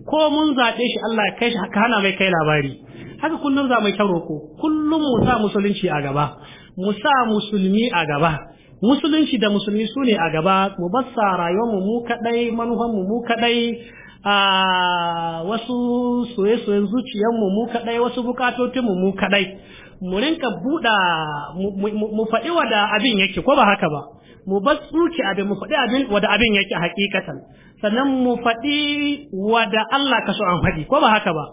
ko mun zaɓe shi Allah ka hana mai kai labari haka kullum za mu yi ta ko kullum mu sa musulunci a gaba mu sa musulmi a gaba musulunci da musulmi su ne a gaba mu bassa rayuwarmu mu kadai manufanmu mu kadai a wasu soye-soyen zuciyarmu mu kadai wasu bukatotinmu mu kadai mu rinka buɗa mu faɗi wada abin yake ko ba haka ba mu bar tsuki abin mu faɗi abin wada abin yake hakikatan sannan mu faɗi wada Allah ka so an faɗi ko ba haka ba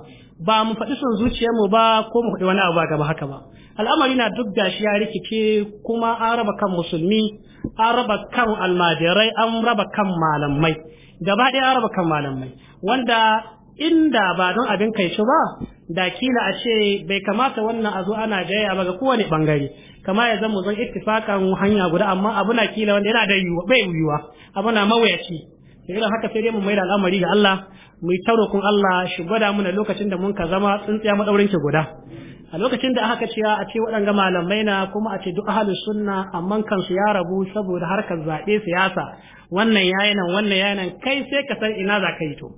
ba mu faɗi son zuciyarmu ba ko mu faɗi wani abu ba gaba haka ba al'amari na duk da shi ya rikice kuma an raba kan musulmi an raba kan almajirai an raba kan malamai gaba ɗaya an raba kan malamai wanda inda ba don abin kai shi ba da kila a ce bai kamata wannan a zo ana gaya ba ga kowane bangare kama ya mu zan ittifakan hanya guda amma abu na kila wanda yana da yiwuwa bai yiwuwa abu na mawuyaci irin haka sai dai mu mai da al'amari ga Allah mu ta roƙon Allah shi gwada muna lokacin da mun ka zama tsintsiya madaurin ki guda a lokacin da aka ciya a ce waɗanga malamai na kuma a ce duk ahalin sunna amma kansu ya rabu saboda harkar zaɓe siyasa wannan yayi nan wannan yayi nan kai sai ka san ina za ka yi to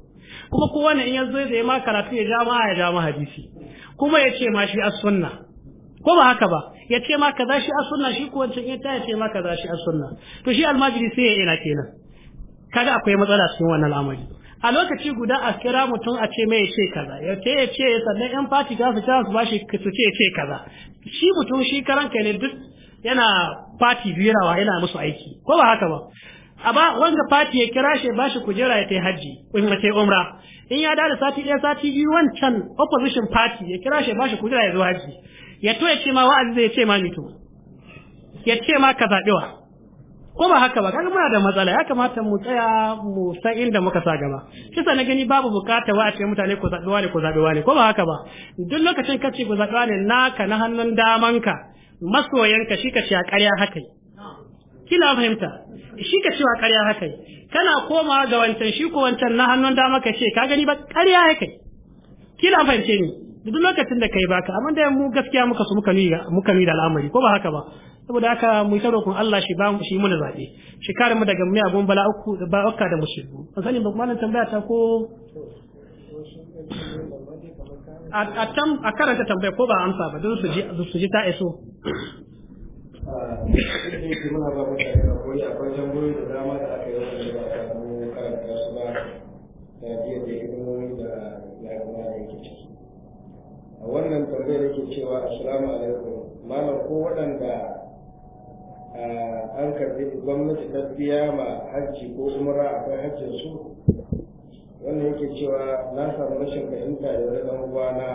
kuma wani in ya zo ya ma karatu ya jama'a ya jama'a hadisi kuma ya ce ma shi as sunna ko ba haka ba ya ce ma kaza shi as sunna shi ko wancan ita ta ya ce ma kaza shi as sunna to shi almajiri sai ya ina kenan kaga akwai matsala cikin wannan al'amari a lokaci guda a kira mutum a ce mai ce kaza ya ce ya ce sannan yan fati za su kira su bashi su ce ce kaza shi mutum shi karan kai ne duk yana fati birawa yana musu aiki ko ba haka ba a ba wanga fati ya kira shi bashi kujera ya ta hajji in ya umra in ya da sati ɗaya sati biyu wancan opposition party ya kira shi bashi kujera ya zo hajji ya to ya ce ma wa'azi zai ce ma mito ya ce ma ka zaɓiwa ko ba haka ba kaga muna da matsala ya kamata mu tsaya mu san inda muka sa gaba kisa na gani babu bukata wa a ce mutane ko zaɓi ne ko zaɓi ne ko ba haka ba duk lokacin ka ce ko zaɓi ne naka na hannun damanka masoyanka shi ka ce a ƙarya haka yi kila fahimta shi ka ce a ƙarya haka yi kana komawa ga wancan shi ko wancan na hannun damanka ka ce ka gani ba ƙarya haka yi kila fahimce ni duk lokacin da kai baka amma da mu gaskiya muka su muka nuna muka nuna al'amari ko ba haka ba saboda haka mu tsaro kun Allah shi ba mu shi muna zabe shi kare mu daga miyagun bala uku ba wakka da mushriku ban sani ba kuma nan tambaya ta ko a tam a karanta tambaya ko ba amsa ba don su ji su ji ta iso da ah, a wannan tambayar yake cewa assalamu alaikum malam ko waɗanda an karbi gwamnati ta biya ma hajji ko umara a kan hajjin su wannan yake cewa na samu rashin fahimta da wani dan uwana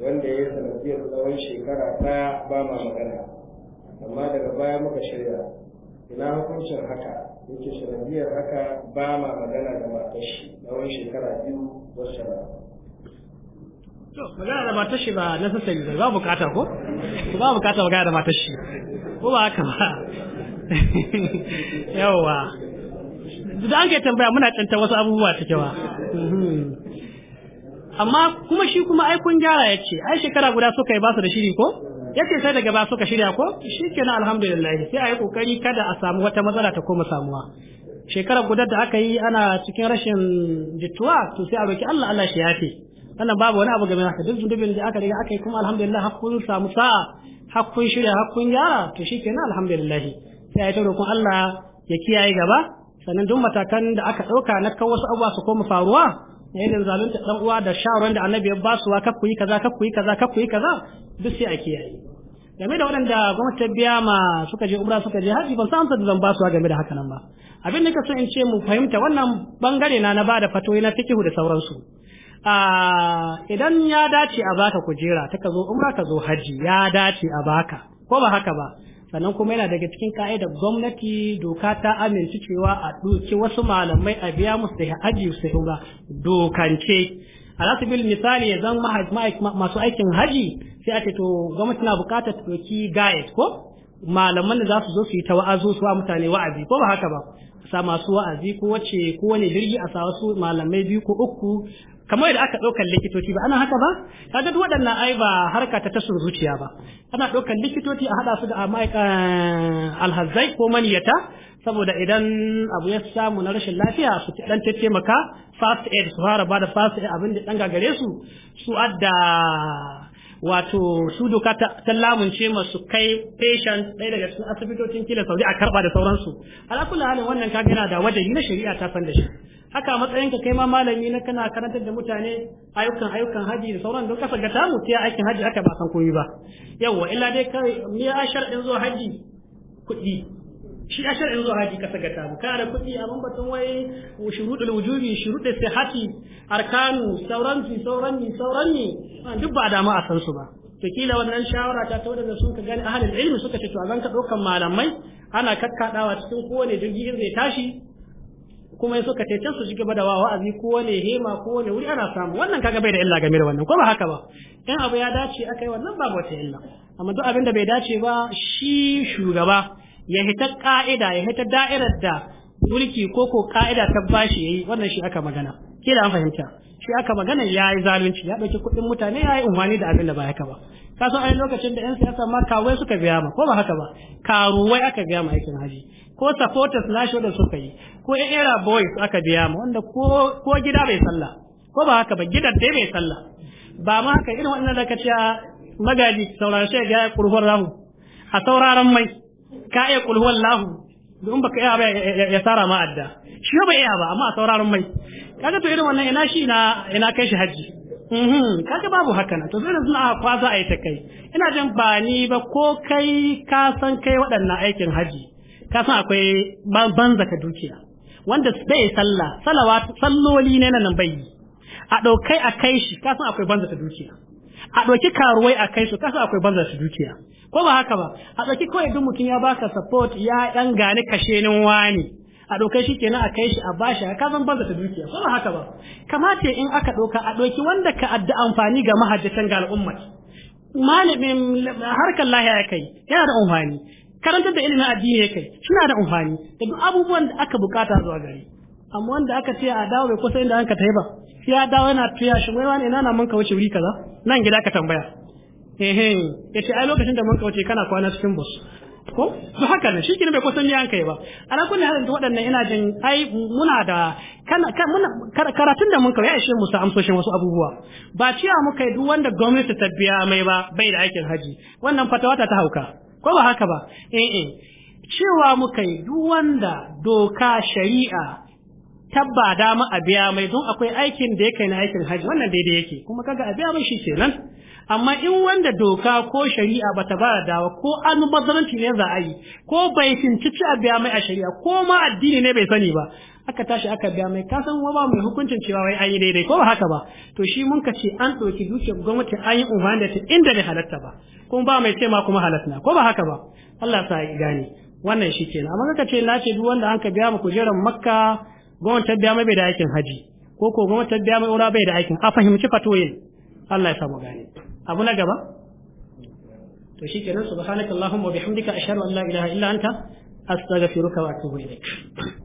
wanda ya sanadiyar tsawon shekara ɗaya ba ma magana amma daga baya muka shirya ina hukuncin haka yake sanadiyar haka ba ma magana da matar tsawon shekara biyu wasu shekara magana da matar shi ba na sassari da ba bukata ko ko ba bukata magana da matar shi ko ba haka ba yawa da an kai tambaya muna canta wasu abubuwa ta kewa mhm. amma kuma shi kuma ai kun gyara ya ce ai shekara guda suka yi basu da shiri ko yace sai daga ba suka shirya ko shi ke shikenan alhamdulillah sai a yi kokari kada a samu wata matsala ta koma samuwa shekarar guda da aka yi ana cikin rashin jituwa to sai a roki Allah Allah shi yafe sannan babu wani abu game da haka duk zunubin da aka riga aka yi kuma alhamdulillah hakkun samu sa'a hakkun shirya hakkun gyara to shi kenan alhamdulillah sai ta roƙon Allah ya kiyaye gaba sannan duk matakan da aka ɗauka na kan wasu abubuwa su koma faruwa na irin zalunta ɗan uwa da shawaran da annabi ya basuwa kaf ku yi kaza kakku yi kaza kakku yi kaza duk sai a kiyaye game da waɗanda gwamnati ta biya ma suka je umra suka je haji ban san da zan basuwa game da hakanan ba abin da ka so in ce mu fahimta wannan bangare na na ba da fatoyi na fikihu da sauransu idan ya dace a baka kujera ta ka zo in ka zo haji ya dace a baka ko ba haka ba sannan kuma yana daga cikin ka'idar gwamnati doka ta amince cewa a ɗauki wasu malamai a biya musu da haji su umra dokance A alasu bil misali ya zan masu aikin haji sai a ce to gwamnati na buƙatar ta ɗauki guide ko malaman da za su zo su yi ta wa'azu su mutane wa'azi ko ba haka ba sa masu wa'azi ko wace ko wani jirgi a sa wasu malamai biyu ko uku kamar yadda aka ɗaukar likitoci ba ana haka ba kaga duk waɗannan ai ba harka ta tasu zuciya ba ana ɗaukar likitoci a haɗa su da ah, eh, alhazai ko maniyata saboda idan abu ya samu na rashin lafiya su dan maka fast aid su fara ba da fast aid abin da dan gagare su su adda wato su doka ta lamunce masu kai patient ɗaya daga cikin asibitocin kila saudi a karɓa da sauransu alakula halin wannan kaga yana da wajen na shari'a ta san shi haka matsayin ka kai ma malami na kana karantar da mutane ayyukan ayyukan haji da sauran don kasa ga tamu sai aikin haji aka ba san komai ba yawa illa dai kai me a sharɗin zuwa haji kuɗi shi a shari'in zuwa haji kasa gata mu kare kuɗi a mambatun wai shurudul wujubi shurudul sihati arkanu sauran su sauran ni sauran ni duk ba da ma a san su ba to kila wannan shawara ta tawo da sun ka gani ahlul ilmi suka ce to a zanka ɗaukan malamai ana kakkaɗawa cikin kowane jirgi in zai tashi kuma suka ce su ci gaba da wa'azi kowane hema kowane wuri ana samu wannan kaga bai da illa game da wannan ko ba haka ba in abu ya dace aka yi wannan babu wata illa amma duk abin da bai dace ba shi shugaba ya hita ka'ida ya hita da'irar da mulki ko ko ka'ida ta bashi yayi wannan shi aka magana ke da an fahimta shi aka magana ya yi zalunci ya ɗauki kuɗin mutane ya yi umarni da abin da ba haka ba ka san ai lokacin da yan siyasa ma kawai suka biya ma ko ba haka ba karuwai aka biya ma aikin haji ko supporters na shi suka yi ko era boys aka biya ma wanda ko gida bai sallah ko ba haka ba gidan dai bai sallah ba ma haka irin wannan da ka ce ah, magaji sauraron shi ga kurfar ramu a sauraron mai ka iya kul lahu don baka iya ba ya tsara ma adda shi ba iya ba amma a sauraron mai kaga to irin wannan ina shi na ina kai shi haji mhm, kaga babu haka na to sai zuna a kwaza a yi ta kai ina jin ba ni ba ko kai ka san kai waɗannan aikin haji ka san akwai banza zaka dukiya wanda bai sallah salawa salloli ne nan bai a ɗaukai a kai shi ka san akwai banza zaka dukiya a ɗauki karuwai a kai su kasa akwai banza su dukiya ko ba haka ba a ɗauki kawai duk mutum ya baka support ya ɗan gane kashe nin wani a ɗaukai shi kenan a kai shi a bashi ka zan banza su dukiya ko ba haka ba kamata in aka ɗauka a ɗauki wanda ka adda amfani ga mahajjatan ga al'umma malamin harkar lahiya kai yana da amfani karantar da ilimin addini kai suna da amfani da duk abubuwan da aka bukata zuwa gari amma wanda aka ce a dawo bai kusa inda aka ka tafi ba ya dawo yana tuya shi wai wani ina na mun ka wuce wuri kaza nan gida ka tambaya ehe yace ai lokacin da mun ka wuce kana kwana cikin bus ko to haka ne shi bai kusa inda an kai ba ana kunne halin waɗannan ina jin ai muna da kana muna karatun da mun kai ya ishe mu sa amsoshin wasu abubuwa ba ciya muka yi duk wanda gwamnati ta biya mai ba bai da aikin haji wannan fatawa ta hauka ko ba haka ba eh eh cewa muka yi duk wanda doka shari'a tabba dama a biya mai don akwai aikin da yake na aikin hajji wannan daidai yake kuma kaga a biya mai shi kenan amma in wanda doka ko shari'a ba ta bada dawa ko an mazalanci ne za a yi ko bai cinci a biya mai a shari'a ko ma addini ne bai sani ba aka tashi aka biya mai ka san ba mai hukuncin cewa wai an yi daidai ko ba haka ba to shi mun ka ce an ɗauki dukiyar gwamnati an yi umarni da ta inda bai halatta ba kuma ba mai ce ma kuma halatta ko ba haka ba Allah sa ya gane wannan shi kenan amma kaka ce na ce duk wanda an ka biya mu kujerar makka gwamnatar biya mai bai da aikin haji ko ko gwamnatar biya mai ura bai da aikin a fahimci fatoyin Allah ya samu gane abu na gaba to shi kenan subhanakallahumma wa bihamdika ashhadu an la ilaha illa anta astaghfiruka wa atubu ilaik